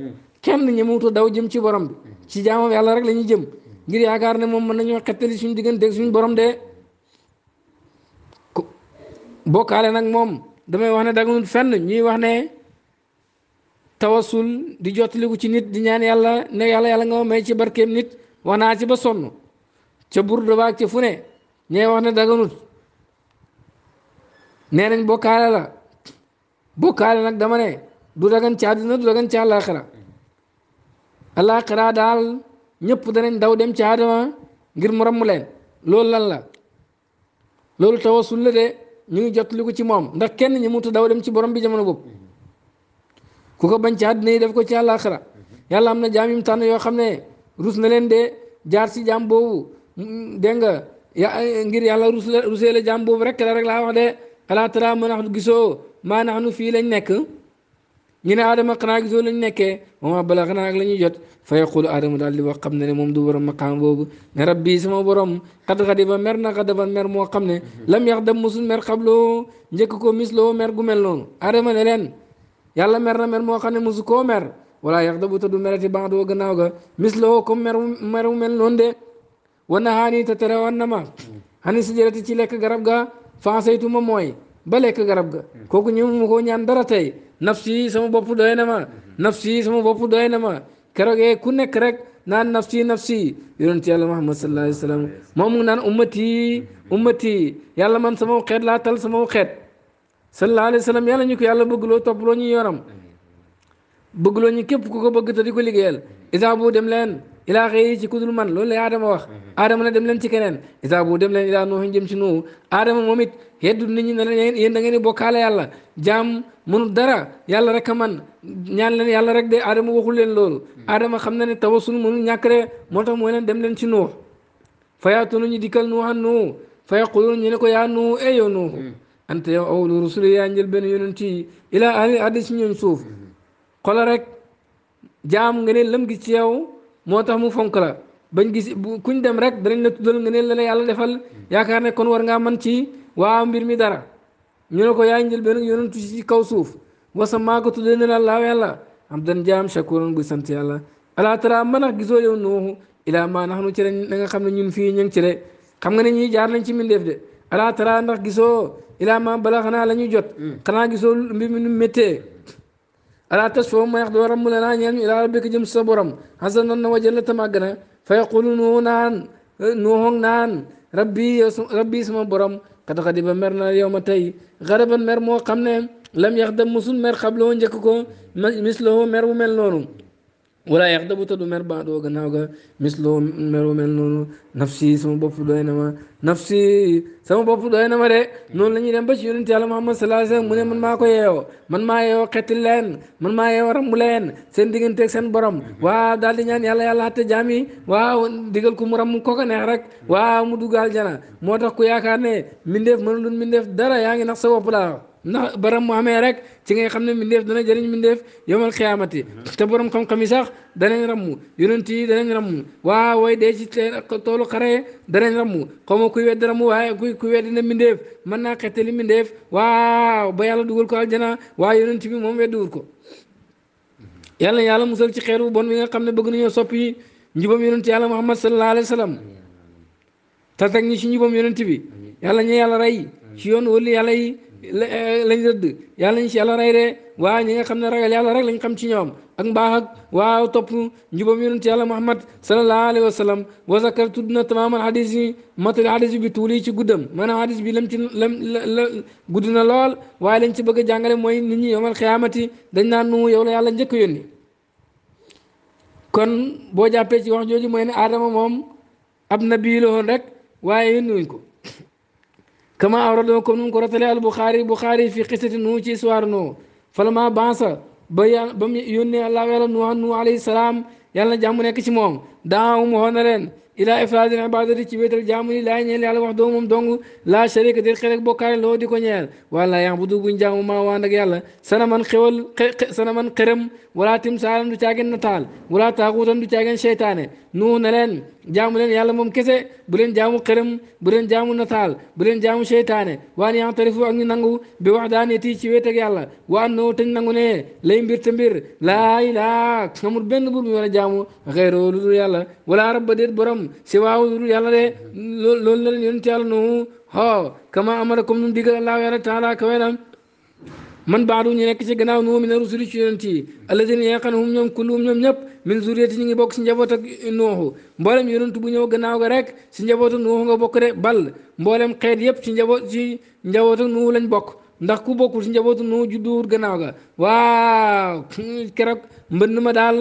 S1: kenn ñemewutu daw jëm ci borom bi ci jaamam yàlla rek la jëm ngir yaakaar ne moom mën nañoo xettali suñu digganteeg suñu borom de bokkaale nag moom damay wax ne daganul fenn ñuy wax ne tawasul di jottaliku ci nit di ñaan yàlla ne yàlla yàlla nga may ci barkeem nit wax naa ci ba sonn ca burda baag ca fu ne ñee wax ne daganut nee nañ bokkaale la bokkaale nag dama ne du dagan ci àddina du dagan ci àllaaxira àllaaxira daal ñëpp danañ daw dem ci aadama ngir mu ramm leen loolu lan la loolu tawasul la de ñu ngi jot li ko ci moom ndax kenn ñi mutu daw dem ci borom bi jamono boobu ku ko bañ ci àddina yi def ko ci àllaaxira yàlla am na jaam yim tànn yoo xam ne rus na leen de jaar si jaam boobu dégg nga ya ngir yàlla rus la rusee la jaam boobu rek la rek laa wax de alaa tara ma nax nu gisoo maa nax nu fii lañ nekk ñu ne Adama xanaa gisoo lañ nekkee mooma bala xanaa ak la ñuy jot fa yaqulu Adama daal xam ne ne moom du borom maqaam boobu ne rabbi sama borom xad xadiba mer na xadaban mer moo xam ne lam yax dam musul mer xabloo njëkk ko misloo mer gu mel noonu Adama ne yalla yàlla mer na mer moo xam ne musu koo mer wala yax da ta du merati bandoo gannaaw ga misloo ko mer mer mu mel noonu de wana xaanii te tere wan na ma xani si ci lekk garab ga fansaytu ma mooy ba lekk garab ga kooku ñëw ma koo nafsi sama bopp doy na ma nafsi sama bopp doy na ma keroogee ku nekk rek naan nafsi nafsi yonent yàlla muhammad sallallahu alayhi wa sallam moom mu naan ummati ummati yàlla man sama xeet laa tal sama xeet sallallahu alayhi wa sallam yàlla ñu ko yàlla bëggloo toppaloo ñu yoram bëggloo ñu képp ku ko bëgg te di ko liggéeyal ilaa xëy ci kudul man loolu la Adama wax mhm. Adama na dem leen ci keneen isa bu dem leen ilaa nooxin jëm ci nuuhu Adama moom it yeddu nit ñi ne leen yéen da ngeen di bokkaale yàlla jaam mënul dara yàlla rek a man ñaan leen yàlla rek de Adama waxul leen loolu mhm. Adama xam na ne tawasul mënul ñàkk rek moo tax mooy leen dem leen ci nuux fayaatunu ñu dikkal nuuxan nuuhu fayaqulun ñu ne ko yaa nuuhu e eh yow nuuhu mhm. ante yaa njël benn yonent yi ilaa ahli ardi si ñooñ suuf xola rek jaam nga ne lam gi ci yow moo tax mu fonk la bañ gis kuñ dem rek danañ la tuddal nga ne la la defal yaakaar ne kon war ngaa man ci wa mbir mi dara ñu ne ko yaa njël benn yonentu ci kaw suuf wasa maa ko tuddee ne la laaw yàlla am dan jaam shakuran buy sant yàlla alaa tara manax gisoo yow nooxu ilaa maa nax nu ci da nga xam ne ñun fi ñu ngi ci de xam nga ne ñii jaar nañ ci mbindeef de alaa tara ndax gisoo ilaa maa bala xanaa la ñuy jot mm. xanaa gisoo mbir mi nu méttee alaa tasfa ma yax doo ramm lanaa ñeel ñu ilaa rabbika jëm sa borom xasa noon na wajalla ta màgg na fa yaqulu nuu naan nuuhoog naan rabbi rabbi sama borom xad xadiba mer na yow ma tey mer moo xam ne lam yax da musul mer xabloo njëkk ko misloo mer bu mel noonu wala yax dabu tadu mer baadoo gannaaw ga misloo meroo mel noonu nafsi sama bopp doy na ma nafsi sama bopp doy na ma de noonu la ñuy dem ba ci yonente yàlla Muhammad sallallahu alayhi wasallam mu ma man maa ko yeewoo man maa yeewoo xetti leen man seen digganteeg seen borom waaw daal di ñaan yàlla yàlla xatte jaam yi waaw digal ko mu ko ko neex rek waa mu dugg aljana moo tax ku yaakaar ne mbindeef mënul mbindeef dara yaa ngi nax sa bopp laa ndax baram mu amee rek ci ngay xam ne mindeef dana jëriñ mbindeef yomal xiyaamati mm-hmm. te borom xam-xam yi sax danañ rammu yonent yi danañ waaw way dee ci toolu xare danañ rammu xaw ma kuy weddi rammu waaye kuy mën naa xettali mbindeef waaw ba yàlla dugal ko aljana waaye yonent bi moom weddiwul ko mm-hmm. yàlla yàlla musal ci xeeru bon bi nga xam ne bëgg nañoo soppi njubam yonent yàlla muhammad sallallahu alayhi wa sallam te teg ñi ci njubam yonent bi yàlla ñu yàlla ci yoon wëli yàlla yi eh, lañ rëdd yàlla ñu ci yàlla rey de ñi nga xam ne ragal yàlla rek lañ xam ci ñoom ak mbaax ak waaw topp njubam yonent yàlla muhammad sallallahu alayhi wa sallam wa zakar tudd na tamaamal hadis yi matali hadis bi tuuli ci guddam maanaam hadis bi lam ci lam la gudd na lool waaye lañ ci bëgg a jàngale mooy nit ñi yomal xiyaamati dañ naan nu yow la yàlla njëkk yónni kon boo jàppee ci wax jooju mooy ne aadama moom ab nabi la rek waaye yónni wuñ ko kama awrada comme nu ko ratale al Buxaari Buxaari fi xisati nu ci histoire nu falama bansa ba ya ba mu yónnee allah yàlla nuuha nuuh alayhi salaam yàlla na jàmm nekk ci moom daawum waxoon na leen ilaa ifraadil ibaadati ci wéetal jaamu yi laay ñeel yàlla wax doo moom dong laa sharika déet xel ak bokkaale loo di ko ñeel wala yaa bu dugguñ jaamu maa waan ak yàlla sana man xewal sana man xërëm wala timsaalam du caageen nataal wala taaxuutam du caageen seytaane nuuh na leen jaamu leen yàlla moom kese bu leen jaamu xërëm bu leen jaamu nataal bu leen jaamu seytaane waan yaa tarifu ak ñu nangu bi wax daaneti ci wéet yàlla waan noo tañ nangu ne lay mbir te mbir laa ilaa amul benn buur bu ñu war a jaamu xeyroo lu dul yàlla wala rabba déet borom si waaw lu dul yàlla de loolu la leen yonent yàlla noonu xoo kama amara comme nu mu allahu yàlla taala kawenam man baadu ñu nekk ci gannaaw nu mi ne rusuli ci yonent yi alladina yi nga xam ne hum ñoom kulluhum ñoom ñëpp min zuriyati ñu ngi bokk si njaboot ak nuuxu mboolem yonent bu ñëw gannaaw ga rek si njaboot ak nuuxu bokk de bal mboolem xeet yëpp ci njaboot ci njaboot ak nuuxu lañ bokk ndax ku bokkul si njabootu nu judduwut gannaaw ga waaw keroog mbënd ma daal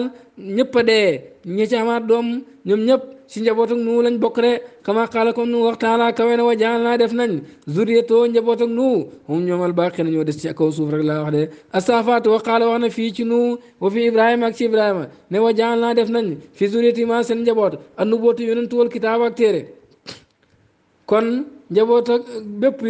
S1: ñëpp a dee ñi doom ñoom ñëpp ci njaboot ak lañ bokk de xamaa xaala comme nu waxtaanaa kawe na wa naa def nañ zuriyatoo njaboot ak nu moom ñoomal baaxee ñoo des ci kaw suuf rek laa wax de astaafaatu wa xaala wax na fii ci nu wa fi ibrahima ak ci ibrahima ne wa jaan naa def nañ fi zuriyati seen njaboot a nu bootu yonentu wal kitaab ak téere kon njaboot ak bépp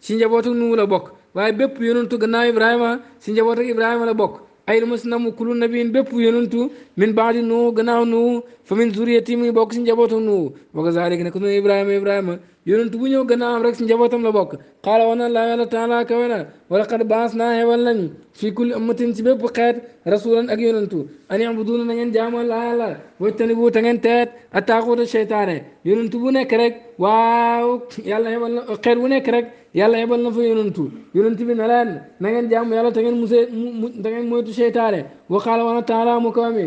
S1: si njabootu Nuux la bokk waaye bépp yonantu gannaaw Ibrahima si njabootu Ibrahima la bokk ay mos na mu kullu nabiin bépp yonantu min baadi Nuux gannaaw Nuux fa min zuriyati muy bokk si njabootu Nuux wa kazaalika ne ko Ibrahima Ibrahima. yonent bu ñëw gën a am rek si njabootam la bokk xaala wax na laa a taala kawe na wala xat baas naa xewal nañ fii kulli ummatin ci bépp xeet rasulan ak yonentu ani abuduna na ngeen jaamal laa yàlla wajtani bu te ngeen teet a taaxuuta seytaane yonentu bu nekk rek waaw yàlla xewal na xeet bu nekk rek yàlla xebal na fa yonentu yonent a ne na ngeen jaamu yàlla te ngeen musee te ngeen moytu seytaane wa xaala wax na mu kaw mi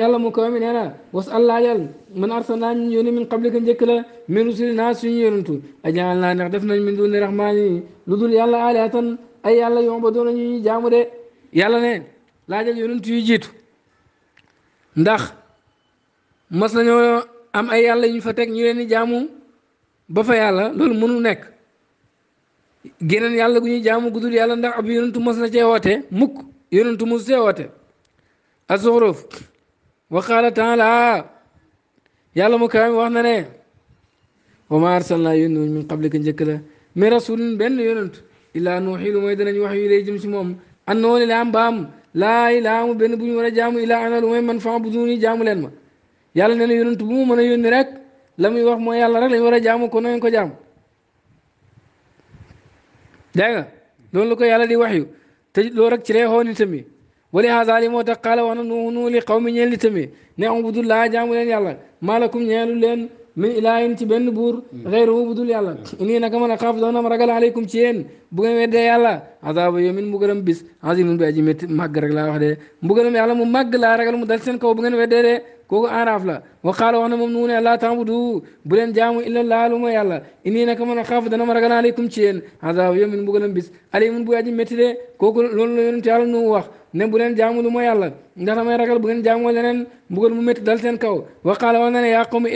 S1: yàlla mu kaw mi nee na was allah man arsalnaa ñu yónni min qablika njëkk la min rusulinaa suñu yonantu ajaal naa ndax def nañ min duni rahmaani lu dul yàlla alihatan ay yàlla yomba doon ñu ñuy jaamu de yàlla ne laajal yonantu yu jiitu ndax mas nañoo am ay yàlla yu fa teg ñu leen di jaamu ba fa yàlla loolu mënu nekk geneen yàlla gu ñuy jaamu dul yàlla ndax ab yonantu mas na cee woote mukk yonantu mos cee woote azuxruf wa qaala taala yàlla mu karam wax na ne wa ma arsalnaa yónni wuñ min qablika njëkk la mais rasulun benn yonent illa nuuxi lu mooy danañ wax yu lay jëm si moom annoon ilaam baam laa ilaamu benn bu ñu war a jaamu ilaa ana lu mooy man fa buduuni jaamu leen ma yàlla nee na yonent bu mu mën a yónni rek la muy wax mooy yàlla rek lañ war a jaamu kon nañ ko jaamu dégg nga loolu ko yàlla di wax yu te loolu rek ci lay wali haasali moo tax xaala wax na nuuhu nuuhu li xaw mi ñeen li tamit ne ubudullah jaamu leen yàlla malakum ñeelu leen min ilaahin ci benn buur xeyru bu dul yàlla inii naka man a xaaf doonam ragal aleykum ci yéen bu ngeen weddee yàlla azaaba yawmin mbugalam bis azimun bi aji métti màgg rek laa wax mu màgg laa ragal mu dal kaw bu ngeen weddee de kooku araaf la wa qaala wax na moom nu ne laa ta'budu bu leen jaamu illa laa lu ma yàlla inni a la yonent yàlla lu mu métti dal kaw wa qaala wax na ne yaa qawmi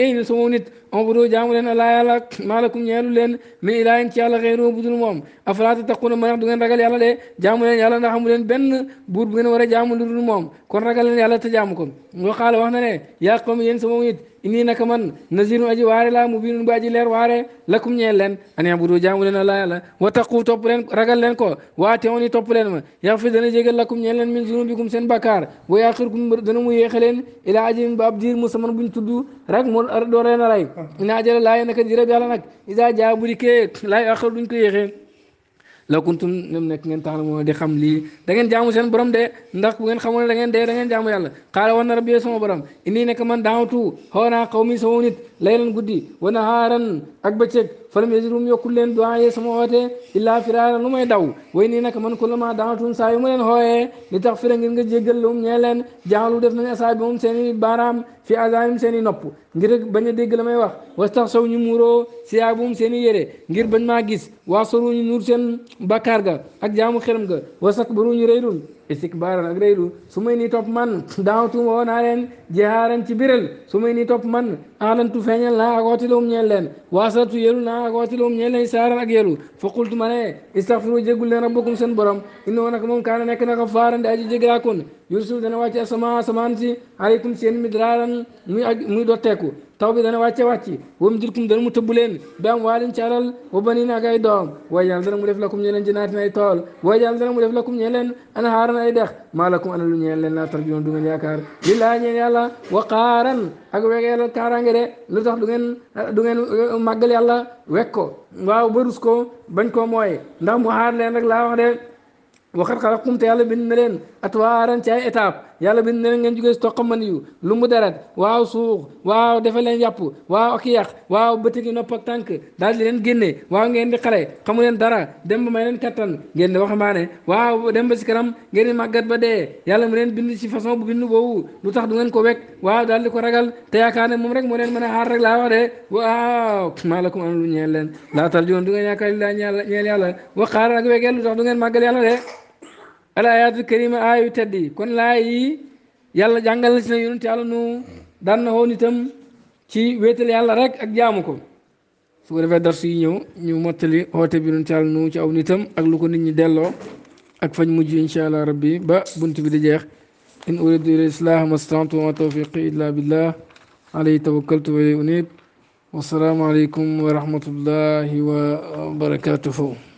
S1: nit ombudoo jaamu leen alaa yàlla maalakum ñeelu leen min ilaahin ci yàlla xeyroo budul moom afalaa tattaquna ma ndax du ngeen ragal yàlla de jaamu leen yàlla ndax amu leen benn buur bu ngeen war a jaamu lu dul moom kon ragal leen yàlla te jaamu ko waxaala wax na ne yaa qawmi yéen sama nit inni naka man nazirun aji waare laa mubinun ba aji leer waare lakum ñeel leen an yabudu jaamu leen allah yàlla wattaqu topp leen ragal leen ko waate oni topp leen ma yaxfir dana jégal lakum ñeel leen min zunubikum seen bakkaar wa yaaxirkum dana mu yéexe leen ila ajin ba ab diir musamman buñ tudd rek mu door leen a rey ina ajala laa naka dirab yàlla nag isa jaa bu dikkee laa yaaxir duñ ko yéexee la kuntum ñoom nekk ngeen tax na moo di xam lii da ngeen jaamu seen borom de ndax bu ngeen xamoon ne da ngeen dee da ngeen jaamu yàlla xaala war na rabbi sama borom inni nekk man daawtu xaw naa mi sama nit laylan guddi wa nahaaran ak bëccëg falam yazidhum yokkul leen du'aa sama woote illaa firaara lu may daw way nii nag man kullamaa da'awtuhum saa yu ma leen hooyee li taxfira ngir nga jéggal lahum ñee leen jaalu def nañ asaabihum seeni baaraam fi azaanim seeni nopp ngir bañ a dégg la may wax wastaxsaw ñu muuroo siyaabum seeni yére ngir bañ maa gis waasoru ñu nuur seen bakkaar ga ak jaamu xelam ga wastakbaru ñu reyrul istikbaaran ak rëylu su may nii topp man daaw tuum woo naa leen jihaaran ci biral su may ni topp man aalantu feeñal naa ak wooti lawum ñeel leen waasatu yelu naa ak wooti lawum ñeel leen saaran ak yelu fa qultu ma ne istaxfiru jéggul leen rabbakum seen borom innahu nag moom kaana nekk na ko faaran di aji jégalaa yursul dana wàcce asamaan asamaan si aleykum seen midraaran muy ak muy dotteeku taw bi dana wàcce wàcci wam dirkum dana mu tëbb leen bi am waalin ci alal wa baniin ak ay doom wa yàlla dana mu def la lakum ñe leen jinaatin ay tool wa yàlla dana mu def lakum ñe leen anhaaran ay dex maa lakum ana lu ñeen leen laa tarjuun du ngeen yaakaar lillaa ñeen yàlla wa qaaran ak weeg yàlla kaaraange de lu tax du ngeen du ngeen euh, màggal yàlla wek ko waaw barus ko bañ koo mooy ndax mu xaar leen laa wax de waxat xalaqum te yàlla bind na atwaaran ci ay étape yàlla bi ne ngeen jógee si toqam man yu lu mu deret waaw suux waaw defe leen yàpp waaw ak waaw bëti gi nopp ak tànk daal di leen génne waaw ngeen di xale xamu leen dara dem ba may leen kattan ngeen di waxambaane waaw dem ba kanam ngeen di màggat ba dee yàlla mu leen bind si façon bu bind boobu lu tax du ngeen ko wek waaw daal di ko ragal te yaakaar ne moom rek moo leen mën a xaar rek laa wax de waaw maa la ko am lu ñeel leen laatal joon du ngeen yaakaar laa ñeel yàlla waxaar ngeen màggal yàlla de al ayatul karima aayu tedd yi kon laa yi yàlla jàngal na ci ne yonent yàlla nu daan na woon ci wéetal yàlla rek ak jaamu ko su ko defee yi ñëw ñu mottali xoote bi yonent yàlla nu ci aw nitam ak lu ko nit ñi delloo ak fañ mujj insha allah rabbi ba bunt bi di jeex in uridu ila islah mastantu wa tawfiqi illa billah alayhi tawakkaltu wa ilayhi unib wasalaamu aleykum wa rahmatullahi wa barakatuhu